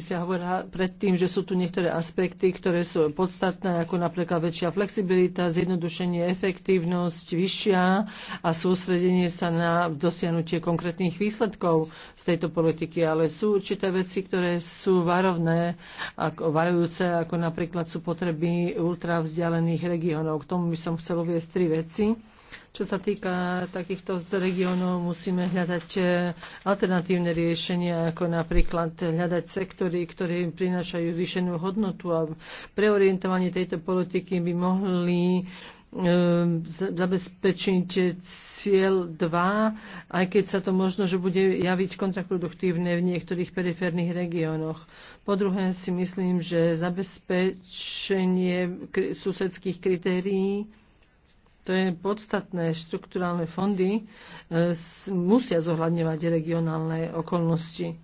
ste hovorila predtým, že sú tu niektoré aspekty, ktoré sú podstatné, ako napríklad väčšia flexibilita, zjednodušenie, efektívnosť vyššia a sústredenie sa na dosiahnutie konkrétnych výsledkov z tejto politiky. Ale sú určité veci, ktoré sú varovné, ako, varujúce, ako napríklad sú potreby ultravzdialených regiónov. K tomu by som chcel uvieť tri veci čo sa týka takýchto z regiónov, musíme hľadať e, alternatívne riešenia, ako napríklad hľadať sektory, ktoré im prinášajú vyšenú hodnotu a preorientovanie tejto politiky by mohli e, zabezpečiť cieľ 2, aj keď sa to možno, že bude javiť kontraproduktívne v niektorých periférnych regiónoch. Po druhé si myslím, že zabezpečenie susedských kritérií to je podstatné, štruktúrálne fondy e, musia zohľadňovať regionálne okolnosti.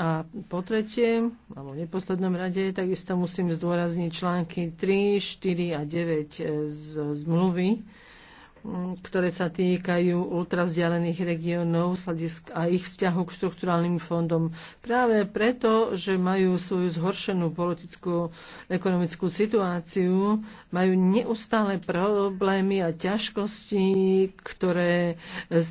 A po tretie, alebo v neposlednom rade, takisto musím zdôrazniť články 3, 4 a 9 e, z zmluvy, ktoré sa týkajú ultrazdialených regiónov a ich vzťahu k štrukturálnym fondom. Práve preto, že majú svoju zhoršenú politickú ekonomickú situáciu, majú neustále problémy a ťažkosti, ktoré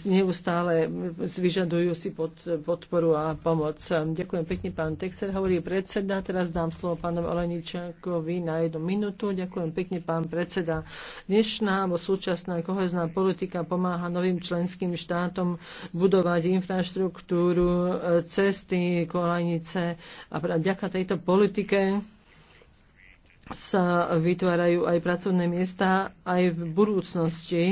neustále vyžadujú si pod, podporu a pomoc. Ďakujem pekne, pán Texer, hovorí predseda. Teraz dám slovo pánom Oleničákovi na jednu minútu. Ďakujem pekne, pán predseda. Dnešná alebo súčasná koho kohezná politika pomáha novým členským štátom budovať infraštruktúru, cesty, kolajnice a vďaka tejto politike sa vytvárajú aj pracovné miesta aj v budúcnosti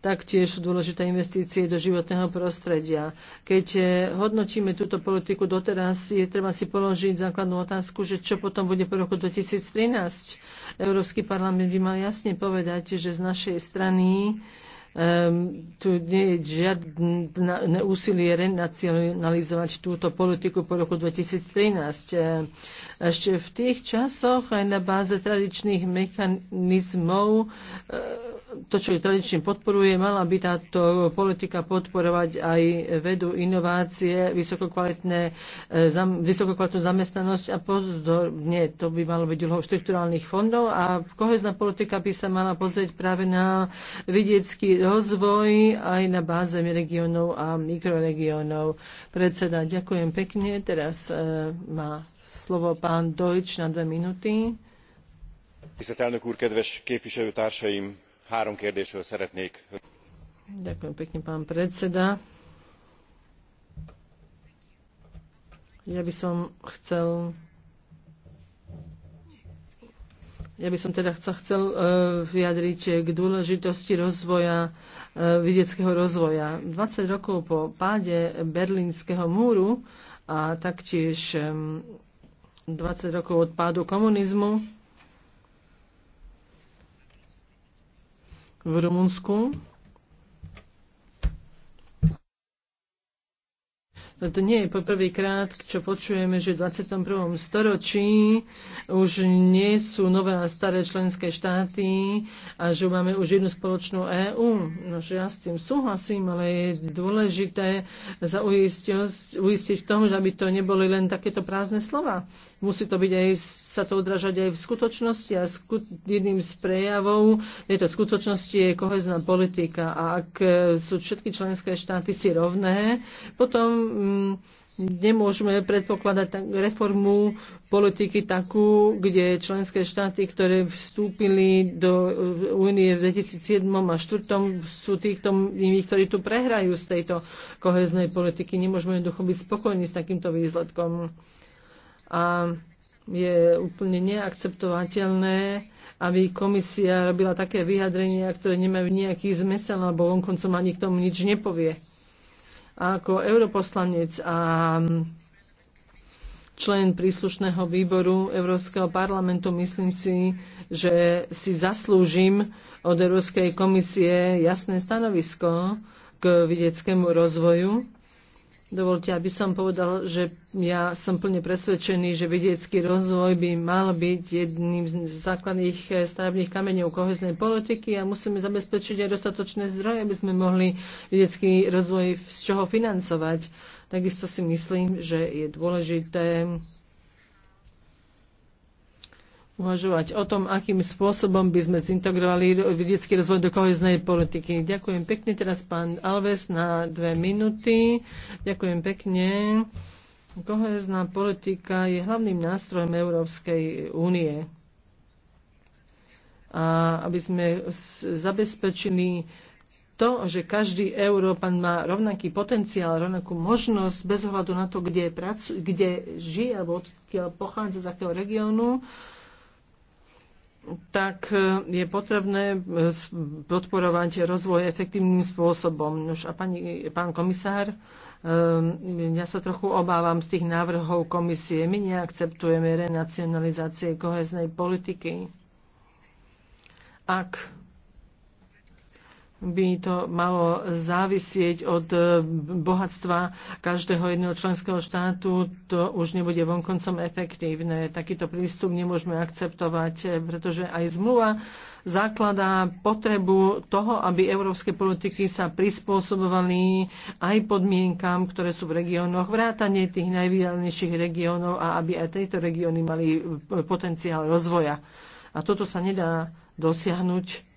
taktiež sú dôležité investície do životného prostredia. Keď eh, hodnotíme túto politiku doteraz, je treba si položiť základnú otázku, že čo potom bude po roku 2013. Európsky parlament by mal jasne povedať, že z našej strany Um, tu nie je žiadne úsilie renacionalizovať túto politiku po roku 2013. Eh, ešte v tých časoch aj na báze tradičných mechanizmov uh, to, čo ju tradične podporuje, mala by táto politika podporovať aj vedu, inovácie, vysokokvalitné, e, zam, vysokokvalitnú zamestnanosť a pozorne, to by malo byť úlohou štrukturálnych fondov a kohezná politika by sa mala pozrieť práve na vidiecký rozvoj aj na báze regionov a mikroregionov. Predseda, ďakujem pekne. Teraz e, má slovo pán Dojč na dve minúty. Tisztelt elnök úr, kedves képviselőtársaim! három kérdésről szeretnék. Ďakujem pekne, pán predseda. Ja by som chcel ja by som teda sa chcel e, vyjadriť k dôležitosti rozvoja, e, vidieckého rozvoja. 20 rokov po páde berlínskeho múru a taktiež 20 e, rokov od pádu komunizmu v Rumunsku. No to nie je poprvýkrát, čo počujeme, že v 21. storočí už nie sú nové a staré členské štáty a že máme už jednu spoločnú EÚ. No, že ja s tým súhlasím, ale je dôležité sa uistiť v tom, že aby to neboli len takéto prázdne slova. Musí to byť aj, sa to odražať aj v skutočnosti a sku- jedným z prejavov tejto skutočnosti je kohezná politika. A ak sú všetky členské štáty si rovné, potom nemôžeme predpokladať reformu politiky takú, kde členské štáty, ktoré vstúpili do eh, únie v 2007 a 2004 sú týchto, ktorí tu prehrajú z tejto koheznej politiky. Nemôžeme jednoducho byť spokojní s takýmto výsledkom. A je úplne neakceptovateľné, aby komisia robila také vyjadrenia, ktoré nemajú nejaký zmysel, alebo vonkoncom ani k tomu nič nepovie. Ako europoslanec a člen príslušného výboru Európskeho parlamentu, myslím si, že si zaslúžim od Európskej komisie jasné stanovisko k vedeckému rozvoju Dovolte, aby som povedal, že ja som plne presvedčený, že vedecký rozvoj by mal byť jedným z základných eh, stavebných kameňov koheznej politiky a musíme zabezpečiť aj dostatočné zdroje, aby sme mohli vedecký rozvoj z čoho financovať. Takisto si myslím, že je dôležité uvažovať o tom, akým spôsobom by sme zintegrovali vedecký rozvoj do koheznej politiky. Ďakujem pekne. Teraz pán Alves na dve minúty. Ďakujem pekne. Kohezná politika je hlavným nástrojom Európskej únie. A aby sme zabezpečili to, že každý Európan má rovnaký potenciál, rovnakú možnosť bez ohľadu na to, kde, pracu, kde žije alebo odkiaľ pochádza z akého regiónu, uh, tak e, je potrebné e, podporovať rozvoj efektívnym spôsobom. Nož a pani, pán komisár, e, ja sa trochu obávam z tých návrhov komisie. My neakceptujeme renacionalizácie koheznej politiky. Ak by to malo závisieť od e, bohatstva každého jedného členského štátu, to už nebude vonkoncom efektívne. Takýto prístup nemôžeme akceptovať, e, pretože aj zmluva základá potrebu toho, aby európske politiky sa prispôsobovali aj podmienkam, ktoré sú v regiónoch, vrátanie tých najvýdelnejších regiónov a aby aj tieto regióny mali e, potenciál rozvoja. A toto sa nedá dosiahnuť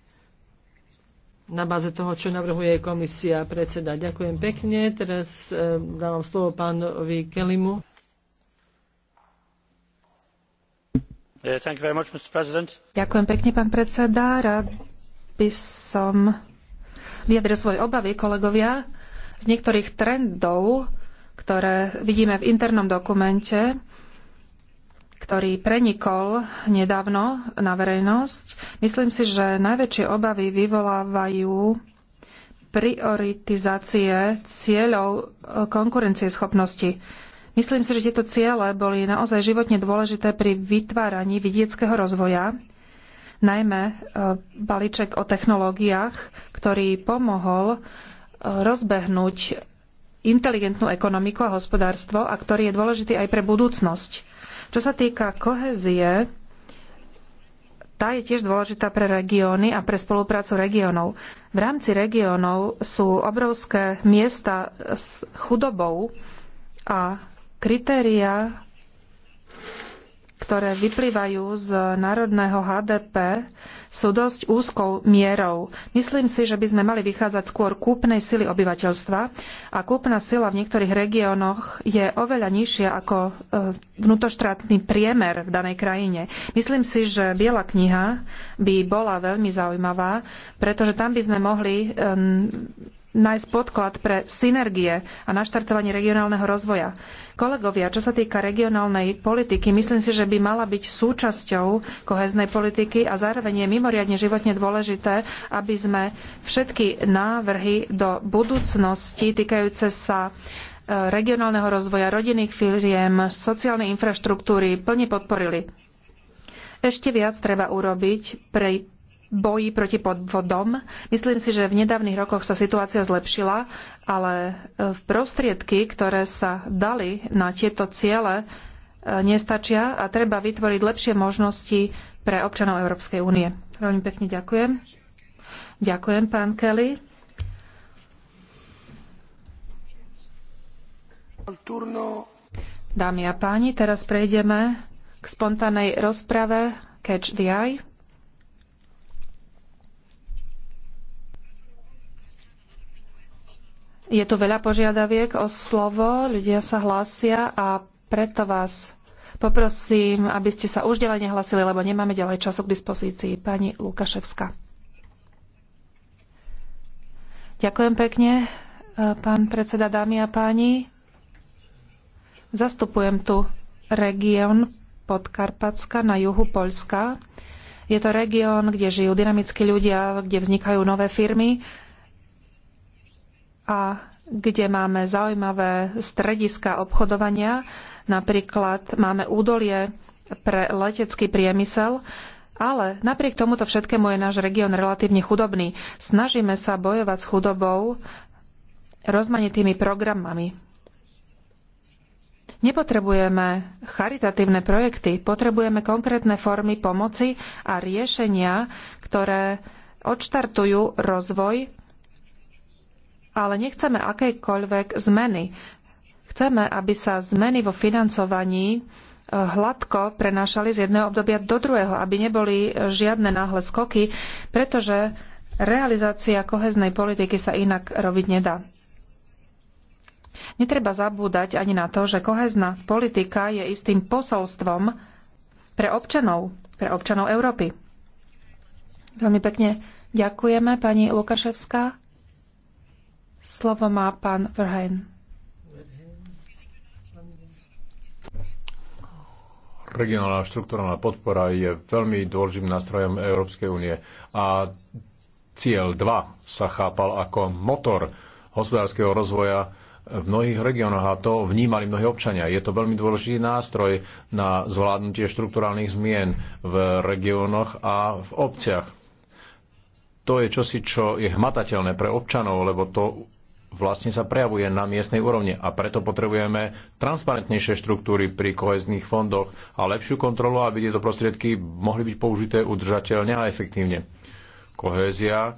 na báze toho, čo navrhuje komisia predseda. Ďakujem pekne. Teraz e, dávam slovo pánovi Kelimu. E, Ďakujem pekne, pán predseda. Rád by som vyjadril svoje obavy, kolegovia, z niektorých trendov, ktoré vidíme v internom dokumente ktorý prenikol nedávno na verejnosť. Myslím si, že najväčšie obavy vyvolávajú prioritizácie cieľov e, konkurencieschopnosti. Myslím si, že tieto ciele boli naozaj životne dôležité pri vytváraní vidieckého rozvoja, najmä e, balíček o technológiách, ktorý pomohol e, rozbehnúť inteligentnú ekonomiku a hospodárstvo a ktorý je dôležitý aj pre budúcnosť. Čo sa týka kohezie, tá je tiež dôležitá pre regióny a pre spoluprácu regiónov. V rámci regiónov sú obrovské miesta s chudobou a kritéria, ktoré vyplývajú z národného HDP, sú dosť úzkou mierou. Myslím si, že by sme mali vychádzať skôr kúpnej sily obyvateľstva a kúpna sila v niektorých regiónoch je oveľa nižšia ako e, vnútoštátny priemer v danej krajine. Myslím si, že Biela kniha by bola veľmi zaujímavá, pretože tam by sme mohli nájsť podklad pre synergie a naštartovanie regionálneho rozvoja. Kolegovia, čo sa týka regionálnej politiky, myslím si, že by mala byť súčasťou koheznej politiky a zároveň je mimoriadne životne dôležité, aby sme všetky návrhy do budúcnosti týkajúce sa e, regionálneho rozvoja, rodinných firiem, sociálnej infraštruktúry plne podporili. Ešte viac treba urobiť pre boji proti podvodom. Myslím si, že v nedávnych rokoch sa situácia zlepšila, ale e, v prostriedky, ktoré sa dali na tieto ciele, e, nestačia a treba vytvoriť lepšie možnosti pre občanov Európskej únie. Veľmi pekne ďakujem. Ďakujem, pán Kelly. Dámy a páni, teraz prejdeme k spontánej rozprave Catch the Eye. Je tu veľa požiadaviek o slovo, ľudia sa hlásia a preto vás poprosím, aby ste sa už ďalej nehlasili, lebo nemáme ďalej času k dispozícii. Pani Lukaševská. Ďakujem pekne, pán predseda, dámy a páni. Zastupujem tu región Podkarpacka na juhu Poľska. Je to región, kde žijú dynamickí ľudia, kde vznikajú nové firmy a kde máme zaujímavé strediska obchodovania. Napríklad máme údolie pre letecký priemysel, ale napriek tomuto všetkému je náš región relatívne chudobný. Snažíme sa bojovať s chudobou rozmanitými programami. Nepotrebujeme charitatívne projekty, potrebujeme konkrétne formy pomoci a riešenia, ktoré odštartujú rozvoj ale nechceme akejkoľvek zmeny. Chceme, aby sa zmeny vo financovaní eh, hladko prenášali z jedného obdobia do druhého, aby neboli eh, žiadne náhle skoky, pretože realizácia koheznej politiky sa inak robiť nedá. Netreba zabúdať ani na to, že kohezná politika je istým posolstvom pre občanov, pre občanov Európy. Veľmi pekne ďakujeme, pani Lukaševská. Slovo má pán Verheyen. Regionálna štruktúrna podpora je veľmi dôležitým nástrojom Európskej únie a cieľ 2 sa chápal ako motor hospodárskeho rozvoja v mnohých regiónoch a to vnímali mnohí občania. Je to veľmi dôležitý nástroj na zvládnutie štrukturálnych zmien v regiónoch a v obciach. To je čosi, čo je hmatateľné pre občanov, lebo to vlastne sa prejavuje na miestnej úrovni a preto potrebujeme transparentnejšie štruktúry pri kohezných fondoch a lepšiu kontrolu, aby tieto prostriedky mohli byť použité udržateľne a efektívne. Kohézia,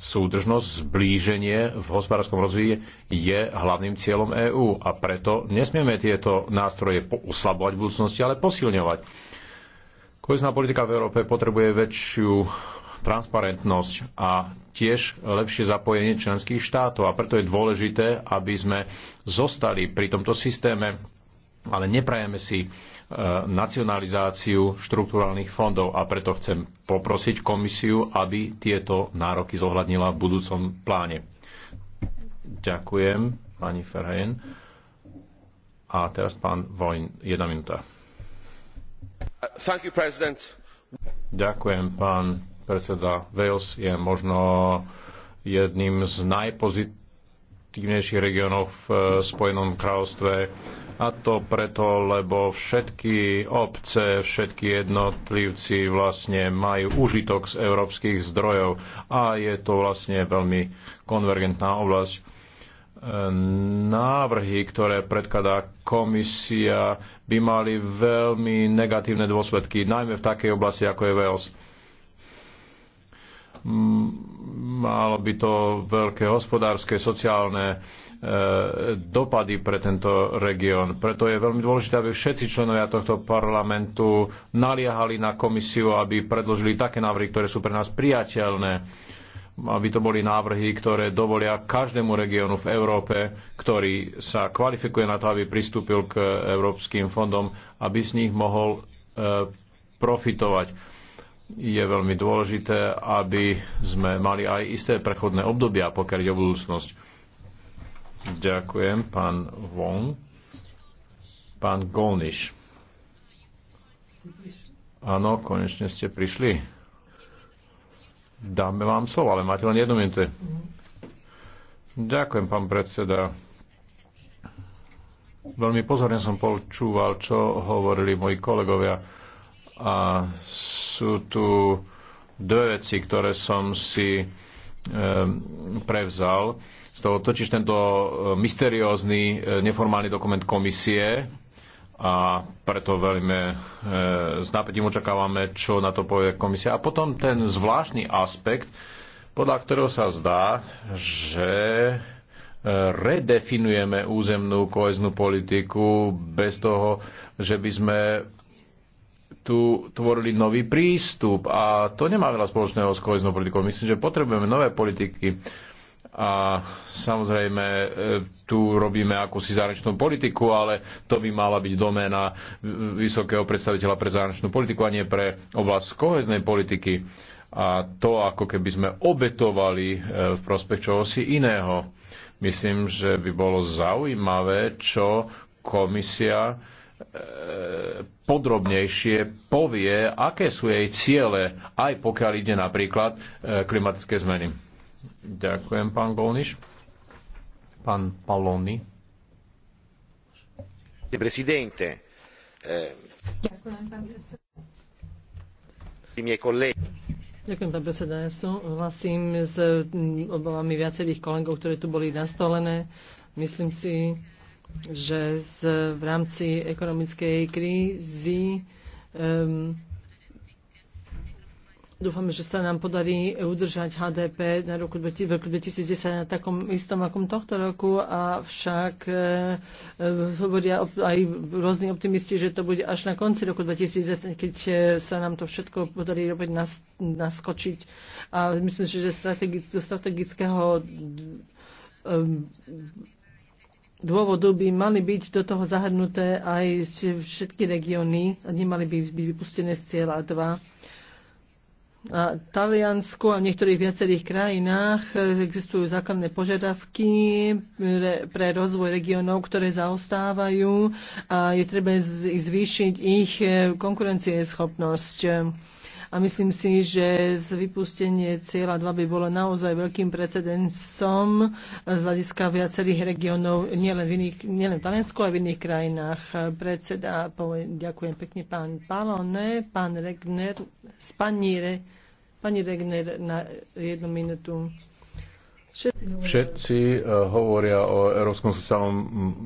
súdržnosť, zblíženie v hospodárskom rozvíji je hlavným cieľom EÚ a preto nesmieme tieto nástroje oslabovať v budúcnosti, ale posilňovať. Kohezná politika v Európe potrebuje väčšiu transparentnosť a tiež lepšie zapojenie členských štátov. A preto je dôležité, aby sme zostali pri tomto systéme, ale neprajeme si e, nacionalizáciu štruktúrálnych fondov a preto chcem poprosiť komisiu, aby tieto nároky zohľadnila v budúcom pláne. Ďakujem, pani Ferhejen. A teraz pán Vojn, jedna minúta. You, Ďakujem, pán predseda Wales je možno jedným z najpozitívnejších regionov v e, Spojenom kráľovstve. A to preto, lebo všetky obce, všetky jednotlivci vlastne majú užitok z európskych zdrojov a je to vlastne veľmi konvergentná oblasť. E, návrhy, ktoré predkladá komisia, by mali veľmi negatívne dôsledky, najmä v takej oblasti, ako je Wales Mm, malo by to veľké hospodárske, sociálne e, dopady pre tento región. Preto je veľmi dôležité, aby všetci členovia tohto parlamentu naliehali na komisiu, aby predložili také návrhy, ktoré sú pre nás priateľné aby to boli návrhy, ktoré dovolia každému regiónu v Európe, ktorý sa kvalifikuje na to, aby pristúpil k európskym fondom, aby z nich mohol e, profitovať je veľmi dôležité, aby sme mali aj isté prechodné obdobia, pokiaľ ide o budúcnosť. Ďakujem, pán Wong. Pán Golniš. Áno, konečne ste prišli. Dáme vám slovo, ale máte len jednu minútu. Ďakujem, pán predseda. Veľmi pozorne som počúval, čo hovorili moji kolegovia a sú tu dve veci, ktoré som si ehm, prevzal z toho, totiž tento e, mysteriózny e, neformálny dokument komisie a preto veľmi e, s napätím očakávame, čo na to povie komisia. A potom ten zvláštny aspekt, podľa ktorého sa zdá, že redefinujeme územnú koheznú politiku bez toho, že by sme tu tvorili nový prístup a to nemá veľa spoločného s koheznou politikou. Myslím, že potrebujeme nové politiky a samozrejme e, tu robíme akúsi zahraničnú politiku, ale to by mala byť doména vysokého predstaviteľa pre zahraničnú politiku a nie pre oblasť koheznej politiky. A to ako keby sme obetovali e, v prospech čohosi iného. Myslím, že by bolo zaujímavé, čo komisia E, podrobnejšie povie, aké sú jej ciele, aj pokiaľ ide napríklad e, klimatické zmeny. Ďakujem, pán Golniš. Pán Paloni. Presidente. E, Ďakujem, pán predseda. Ďakujem, pán predseda. Ja súhlasím s obavami viacerých kolegov, ktoré tu boli nastolené. Myslím si, že z, v rámci ekonomickej krízy um, Dúfame, že sa nám podarí udržať HDP na roku, roku 2010 na takom istom akom tohto roku, avšak e, hovoria aj rôzni optimisti, že to bude až na konci roku 2010, keď eh, sa nám to všetko podarí robiť nas, naskočiť. A myslím si, že strategi, do strategického um, dôvodu by mali byť do toho zahrnuté aj všetky regióny a nemali by byť vypustené z cieľa 2. A v Taliansku a v niektorých viacerých krajinách e, existujú základné požiadavky pre rozvoj regiónov, ktoré zaostávajú a je treba zvýšiť ich e, konkurencieschopnosť a myslím si, že z vypustenie cieľa 2 by bolo naozaj veľkým precedensom z hľadiska viacerých regionov, nielen v, iných, nielen v Talensku, ale v iných krajinách. Predseda, ďakujem pekne pán Palone, pán Regner, spaníre, pani Regner na jednu minútu. Všetci hovoria, eh, Všetci hovoria o európskom sociálnom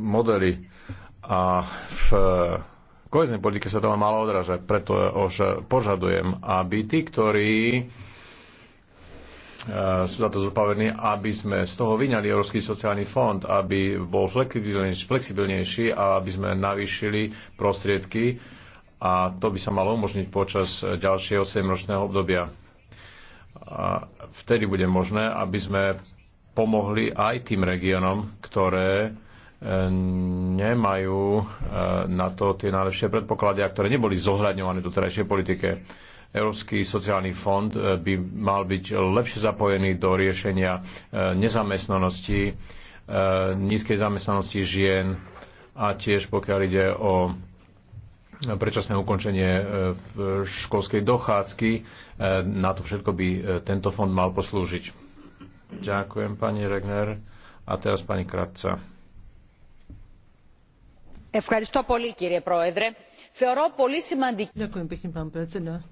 modeli a v kohezné politike sa to má malo odrážať. Preto už požadujem, aby tí, ktorí eh, sú za to zodpovední, aby sme z toho vyňali Európsky sociálny fond, aby bol flexibilnejší a aby sme navýšili prostriedky a to by sa malo umožniť počas ďalšieho 7-ročného obdobia. A vtedy bude možné, aby sme pomohli aj tým regiónom, ktoré nemajú e, na to tie najlepšie predpoklady, a ktoré neboli zohľadňované do terajšej politike. Európsky sociálny fond e, by mal byť lepšie zapojený do riešenia e, nezamestnanosti, nízkej zamestnanosti žien a tiež pokiaľ ide o predčasné ukončenie školskej dochádzky. Na to všetko by tento fond mal poslúžiť. Ďakujem, pani Regner. A teraz pani Kratca. Ďakujem pekne, pán predseda.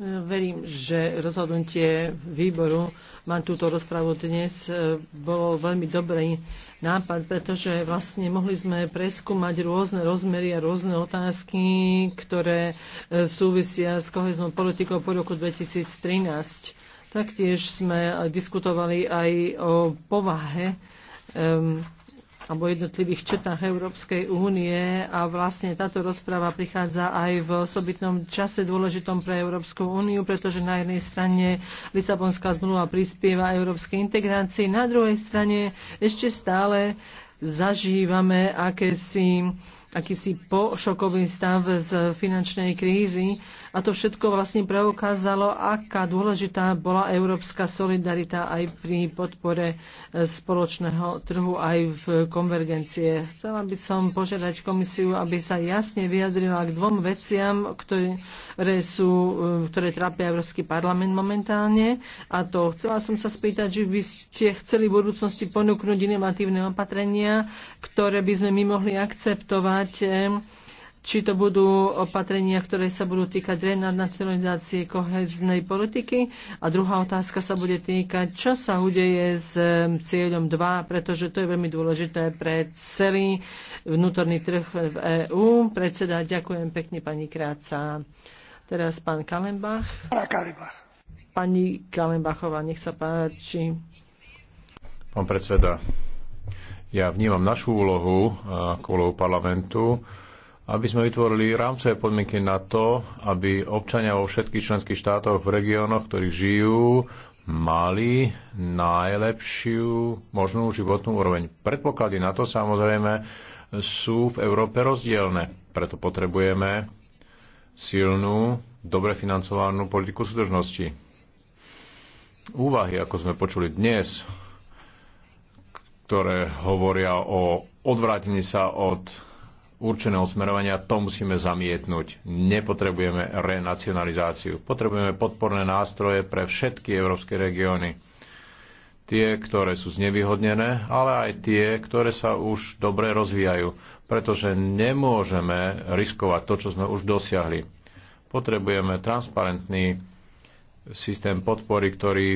Verím, že rozhodnutie výboru mať túto rozpravu dnes e, bolo veľmi dobrý nápad, pretože vlastne mohli sme preskúmať rôzne rozmery a rôzne otázky, ktoré e, súvisia s koheznou politikou po roku 2013 Taktiež sme eh, diskutovali aj o povahe um, alebo jednotlivých četách Európskej únie a vlastne táto rozpráva prichádza aj v osobitnom čase dôležitom pre Európsku úniu, pretože na jednej strane Lisabonská zmluva prispieva európskej integrácii, na druhej strane ešte stále zažívame akési akýsi pošokový stav z finančnej krízy a to všetko vlastne preukázalo, aká dôležitá bola európska solidarita aj pri podpore e, spoločného trhu, aj v konvergencie. Chcela by som požiadať komisiu, aby sa jasne vyjadrila k dvom veciam, ktoré, sú, e, ktoré trápia Európsky parlament momentálne. A to chcela som sa spýtať, že by ste chceli v budúcnosti ponúknuť inovatívne opatrenia, ktoré by sme my mohli akceptovať e, či to budú opatrenia, ktoré sa budú týkať renacionalizácie koheznej politiky. A druhá otázka sa bude týkať, čo sa udeje s cieľom 2, pretože to je veľmi dôležité pre celý vnútorný trh v EÚ. Predseda, ďakujem pekne pani Kráca. Teraz pán Kalembach. Pani Kalembachová, nech sa páči. Pán predseda, ja vnímam našu úlohu eh, ako úlohu parlamentu aby sme vytvorili rámcové podmienky na to, aby občania vo všetkých členských štátoch v regiónoch, ktorých žijú, mali najlepšiu možnú životnú úroveň. Predpoklady na to samozrejme sú v Európe rozdielne. Preto potrebujeme silnú, dobre financovanú politiku súdržnosti. Úvahy, ako sme počuli dnes, ktoré hovoria o odvrátení sa od určeného smerovania, to musíme zamietnúť. Nepotrebujeme renacionalizáciu. Potrebujeme podporné nástroje pre všetky európske regióny. Tie, ktoré sú znevýhodnené, ale aj tie, ktoré sa už dobre rozvíjajú. Pretože nemôžeme riskovať to, čo sme už dosiahli. Potrebujeme transparentný systém podpory, ktorý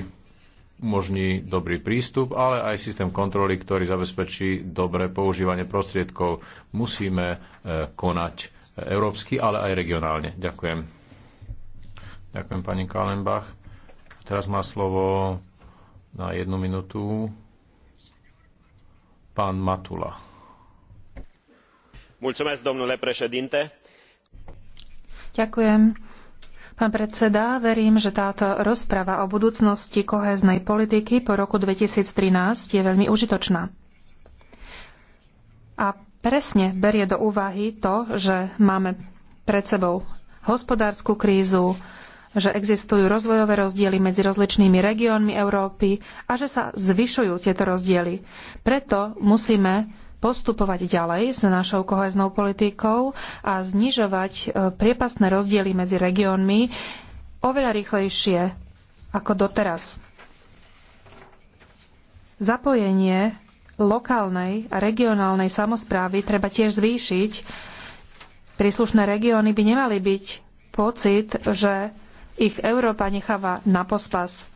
umožní dobrý prístup, ale aj systém kontroly, ktorý zabezpečí dobré používanie prostriedkov. Musíme e, konať e, európsky, ale aj regionálne. Ďakujem. Ďakujem pani Kalenbach. Teraz má slovo na jednu minútu pán Matula. Mulțumesc, domnule președinte. Ďakujem. Pán predseda, verím, že táto rozprava o budúcnosti kohéznej politiky po roku 2013 je veľmi užitočná. A presne berie do úvahy to, že máme pred sebou hospodárskú krízu, že existujú rozvojové rozdiely medzi rozličnými regiónmi Európy a že sa zvyšujú tieto rozdiely. Preto musíme postupovať ďalej s našou koheznou politikou a znižovať e, priepasné rozdiely medzi regiónmi oveľa rýchlejšie ako doteraz. Zapojenie lokálnej a regionálnej samozprávy treba tiež zvýšiť. Príslušné regióny by nemali byť pocit, že ich Európa necháva na pospas.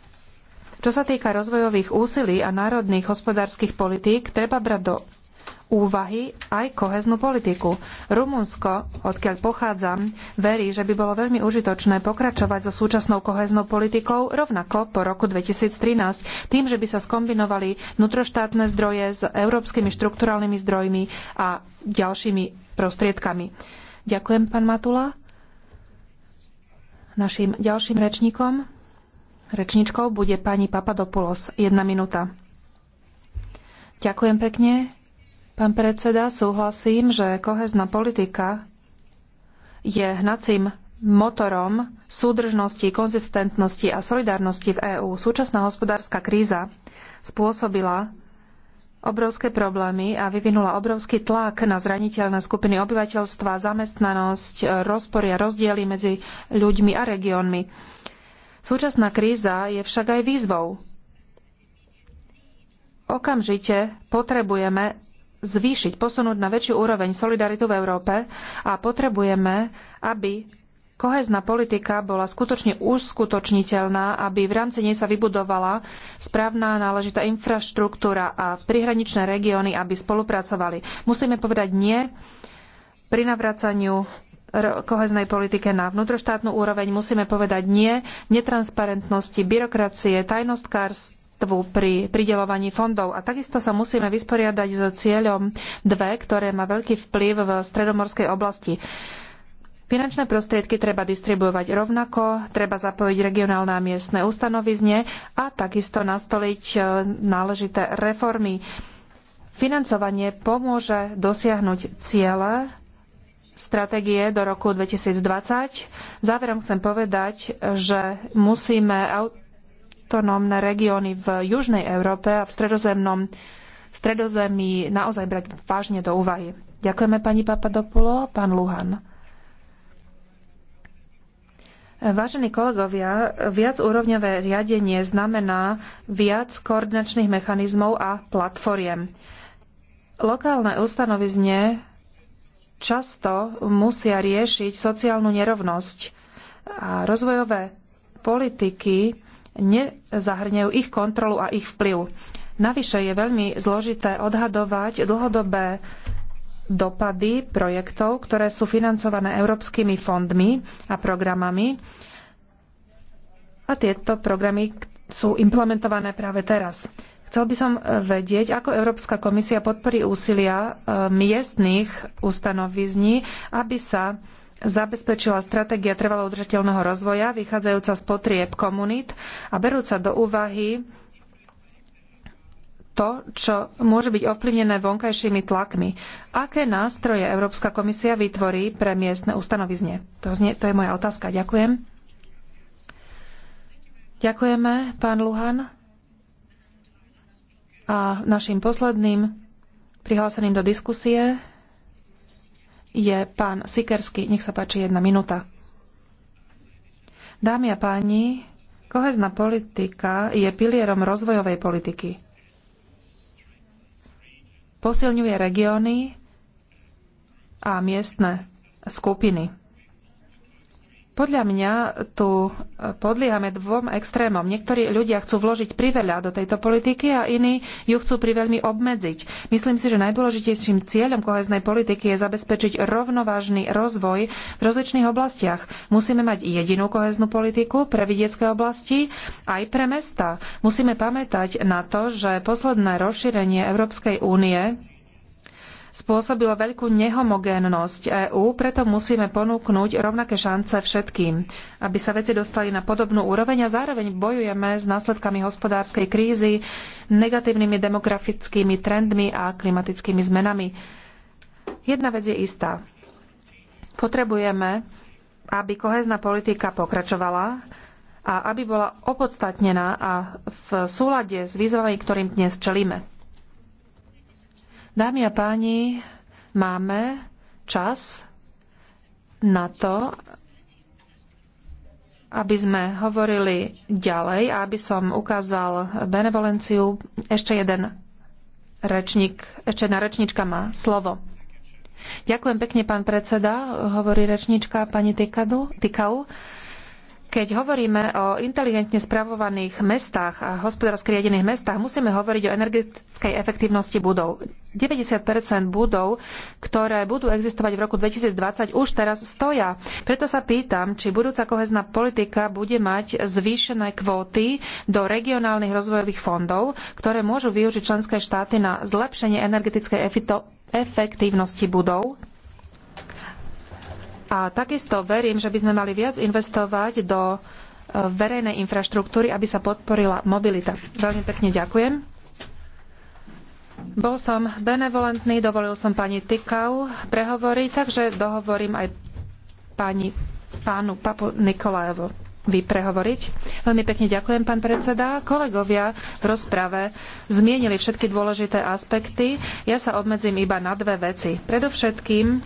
Čo sa týka rozvojových úsilí a národných hospodárskych politík, treba brať do úvahy aj koheznú politiku. Rumunsko, odkiaľ pochádzam, verí, že by bolo veľmi užitočné pokračovať so súčasnou koheznou politikou rovnako po roku 2013, tým, že by sa skombinovali vnútroštátne zdroje s európskymi štrukturálnymi zdrojmi a ďalšími prostriedkami. Ďakujem, pán Matula. Naším ďalším rečníkom, rečníčkou bude pani Papadopoulos. Jedna minúta. Ďakujem pekne. Pán predseda, súhlasím, že kohezná politika je hnacím motorom súdržnosti, konzistentnosti a solidárnosti v EÚ. Súčasná hospodárska kríza spôsobila obrovské problémy a vyvinula obrovský tlak na zraniteľné skupiny obyvateľstva, zamestnanosť, rozpory a rozdiely medzi ľuďmi a regiónmi. Súčasná kríza je však aj výzvou. Okamžite potrebujeme zvýšiť, posunúť na väčšiu úroveň solidaritu v Európe a potrebujeme, aby kohezná politika bola skutočne uskutočniteľná, aby v rámci nej sa vybudovala správna náležitá infraštruktúra a prihraničné regióny, aby spolupracovali. Musíme povedať nie pri navracaniu koheznej politike na vnútroštátnu úroveň musíme povedať nie netransparentnosti, byrokracie, tajnostkárstvu, vetvu pri prideľovaní fondov. A takisto sa musíme vysporiadať s cieľom 2, ktoré má veľký vplyv v stredomorskej oblasti. Finančné prostriedky treba distribuovať rovnako, treba zapojiť regionálne a miestne ustanovizne a takisto nastoliť e, náležité reformy. Financovanie pomôže dosiahnuť ciele stratégie do roku 2020. Záverom chcem povedať, že musíme autonómne regióny v južnej Európe a v stredozemnom stredozemí naozaj brať vážne do úvahy. Ďakujeme pani Papadopulo, pán Luhan. Vážení kolegovia, viacúrovňové riadenie znamená viac koordinačných mechanizmov a platformiem. Lokálne ustanovizne často musia riešiť sociálnu nerovnosť a rozvojové politiky nezahrňajú ich kontrolu a ich vplyv. Navyše je veľmi zložité odhadovať dlhodobé dopady projektov, ktoré sú financované európskymi fondmi a programami. A tieto programy sú implementované práve teraz. Chcel by som vedieť, ako Európska komisia podporí úsilia e, miestných ustanovizní, aby sa zabezpečila stratégia trvalo udržateľného rozvoja, vychádzajúca z potrieb komunít a berúca do úvahy to, čo môže byť ovplyvnené vonkajšími tlakmi. Aké nástroje Európska komisia vytvorí pre miestne ustanovizne? To, znie, to je moja otázka. Ďakujem. Ďakujeme, pán Luhan. A našim posledným prihláseným do diskusie je pán Sikersky. Nech sa páči jedna minúta. Dámy a páni, kohezná politika je pilierom rozvojovej politiky. Posilňuje regióny a miestne skupiny. Podľa mňa tu e, podliehame dvom extrémom. Niektorí ľudia chcú vložiť priveľa do tejto politiky a iní ju chcú priveľmi obmedziť. Myslím si, že najdôležitejším cieľom koheznej politiky je zabezpečiť rovnovážny rozvoj v rozličných oblastiach. Musíme mať jedinú koheznú politiku pre vidiecké oblasti aj pre mesta. Musíme pamätať na to, že posledné rozšírenie Európskej únie spôsobilo veľkú nehomogénnosť EÚ, preto musíme ponúknuť rovnaké šance všetkým, aby sa veci dostali na podobnú úroveň a zároveň bojujeme s následkami hospodárskej krízy, negatívnymi demografickými trendmi a klimatickými zmenami. Jedna vec je istá. Potrebujeme, aby kohezná politika pokračovala a aby bola opodstatnená a v súlade s výzvami, ktorým dnes čelíme. Dámy a páni, máme čas na to, aby sme hovorili ďalej a aby som ukázal benevolenciu. Ešte jeden rečník, ešte jedna rečnička má slovo. Ďakujem pekne, pán predseda, hovorí rečnička pani Tikau. Keď hovoríme o inteligentne spravovaných mestách a hospodársky riadených mestách, musíme hovoriť o energetickej efektívnosti budov. 90 budov, ktoré budú existovať v roku 2020, už teraz stoja. Preto sa pýtam, či budúca kohezná politika bude mať zvýšené kvóty do regionálnych rozvojových fondov, ktoré môžu využiť členské štáty na zlepšenie energetickej efektívnosti budov a takisto verím, že by sme mali viac investovať do e, verejnej infraštruktúry, aby sa podporila mobilita. Veľmi pekne ďakujem. Bol som benevolentný, dovolil som pani Tykau prehovoriť, takže dohovorím aj pani, pánu Papu Nikolajevo vy prehovoriť. Veľmi pekne ďakujem, pán predseda. Kolegovia v rozprave zmienili všetky dôležité aspekty. Ja sa obmedzím iba na dve veci. Predovšetkým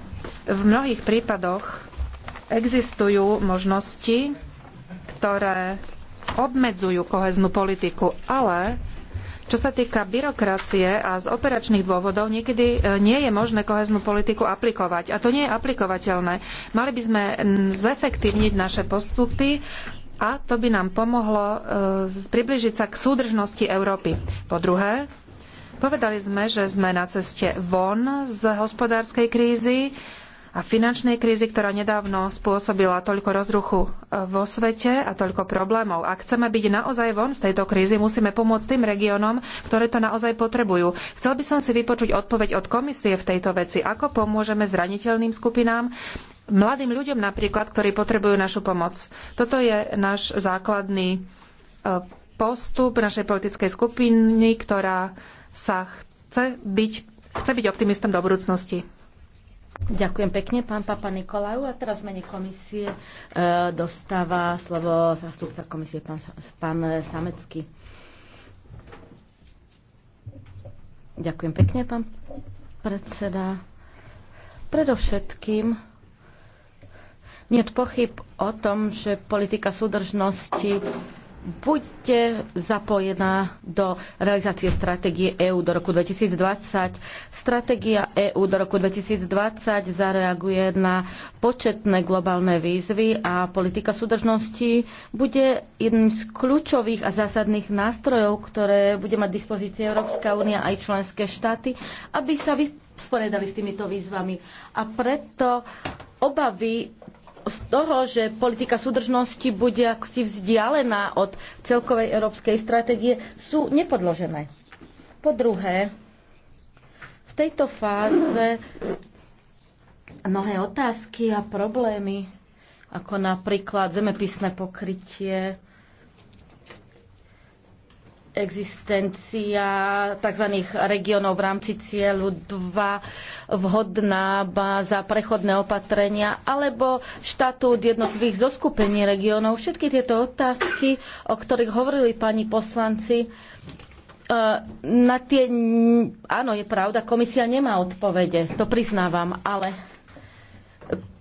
v mnohých prípadoch existujú možnosti, ktoré obmedzujú koheznú politiku, ale čo sa týka byrokracie a z operačných dôvodov, niekedy e, nie je možné koheznú politiku aplikovať. A to nie je aplikovateľné. Mali by sme zefektívniť naše postupy a to by nám pomohlo e, približiť sa k súdržnosti Európy. Po druhé, Povedali sme, že sme na ceste von z hospodárskej krízy a finančnej krízy, ktorá nedávno spôsobila toľko rozruchu e, vo svete a toľko problémov. Ak chceme byť naozaj von z tejto krízy, musíme pomôcť tým regiónom, ktoré to naozaj potrebujú. Chcel by som si vypočuť odpoveď od komisie v tejto veci. Ako pomôžeme zraniteľným skupinám, mladým ľuďom napríklad, ktorí potrebujú našu pomoc. Toto je náš základný e, postup našej politickej skupiny, ktorá sa chce byť, chce byť optimistom do budúcnosti. Ďakujem pekne, pán Papa Nikolaju. A teraz mene komisie e, dostáva slovo zastupca komisie, pán, pán Samecký. Ďakujem pekne, pán predseda. Predovšetkým nie je pochyb o tom, že politika súdržnosti buďte zapojená do realizácie stratégie EÚ do roku 2020. Stratégia EÚ do roku 2020 zareaguje na početné globálne výzvy a politika súdržnosti bude jedným z kľúčových a zásadných nástrojov, ktoré bude mať dispozície Európska únia aj členské štáty, aby sa vysporiadali s týmito výzvami. A preto obavy z toho, že politika súdržnosti bude akosi vzdialená od celkovej európskej stratégie, sú nepodložené. Po druhé, v tejto fáze mnohé otázky a problémy, ako napríklad zemepisné pokrytie, existencia tzv. regiónov v rámci cieľu 2 vhodná za prechodné opatrenia alebo štatút jednotlivých zoskupení regiónov. Všetky tieto otázky, o ktorých hovorili pani poslanci, e, na tie, áno, je pravda, komisia nemá odpovede, to priznávam, ale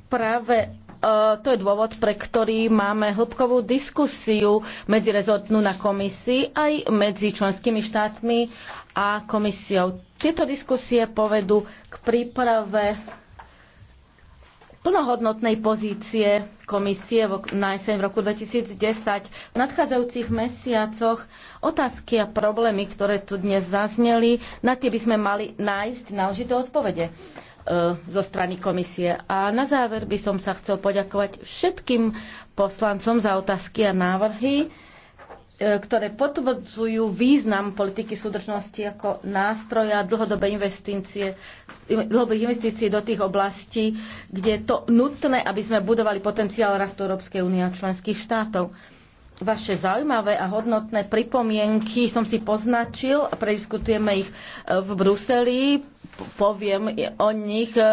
práve Eh, to je dôvod, pre ktorý máme hĺbkovú diskusiu medzirezortnú na komisii aj medzi členskými štátmi a komisiou. Tieto diskusie povedú k príprave plnohodnotnej pozície komisie na jeseň v roku 2010. V nadchádzajúcich mesiacoch otázky a problémy, ktoré tu dnes zazneli, na tie by sme mali nájsť náležité odpovede. E, zo strany komisie. A na záver by som sa chcel poďakovať všetkým poslancom za otázky a návrhy, e, ktoré potvrdzujú význam politiky súdržnosti ako nástroja dlhodobé investície, dlhodobé investície do tých oblastí, kde je to nutné, aby sme budovali potenciál rastu Európskej únie a členských štátov. Vaše zaujímavé a hodnotné pripomienky som si poznačil a prediskutujeme ich e, v Bruseli poviem o nich e,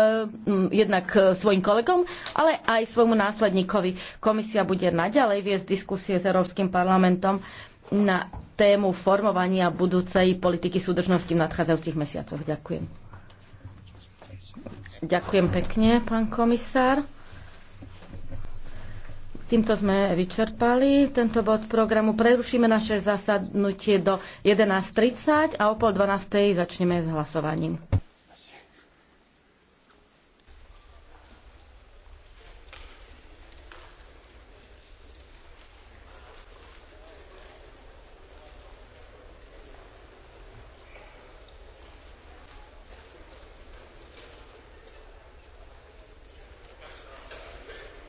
jednak e, svojim kolegom, ale aj svojmu následníkovi. Komisia bude naďalej viesť diskusie s Európskym parlamentom na tému formovania budúcej politiky súdržnosti v nadchádzajúcich mesiacoch. Ďakujem. Ďakujem pekne, pán komisár. Týmto sme vyčerpali tento bod programu. Prerušíme naše zasadnutie do 11.30 a o pol 12.00 začneme s hlasovaním.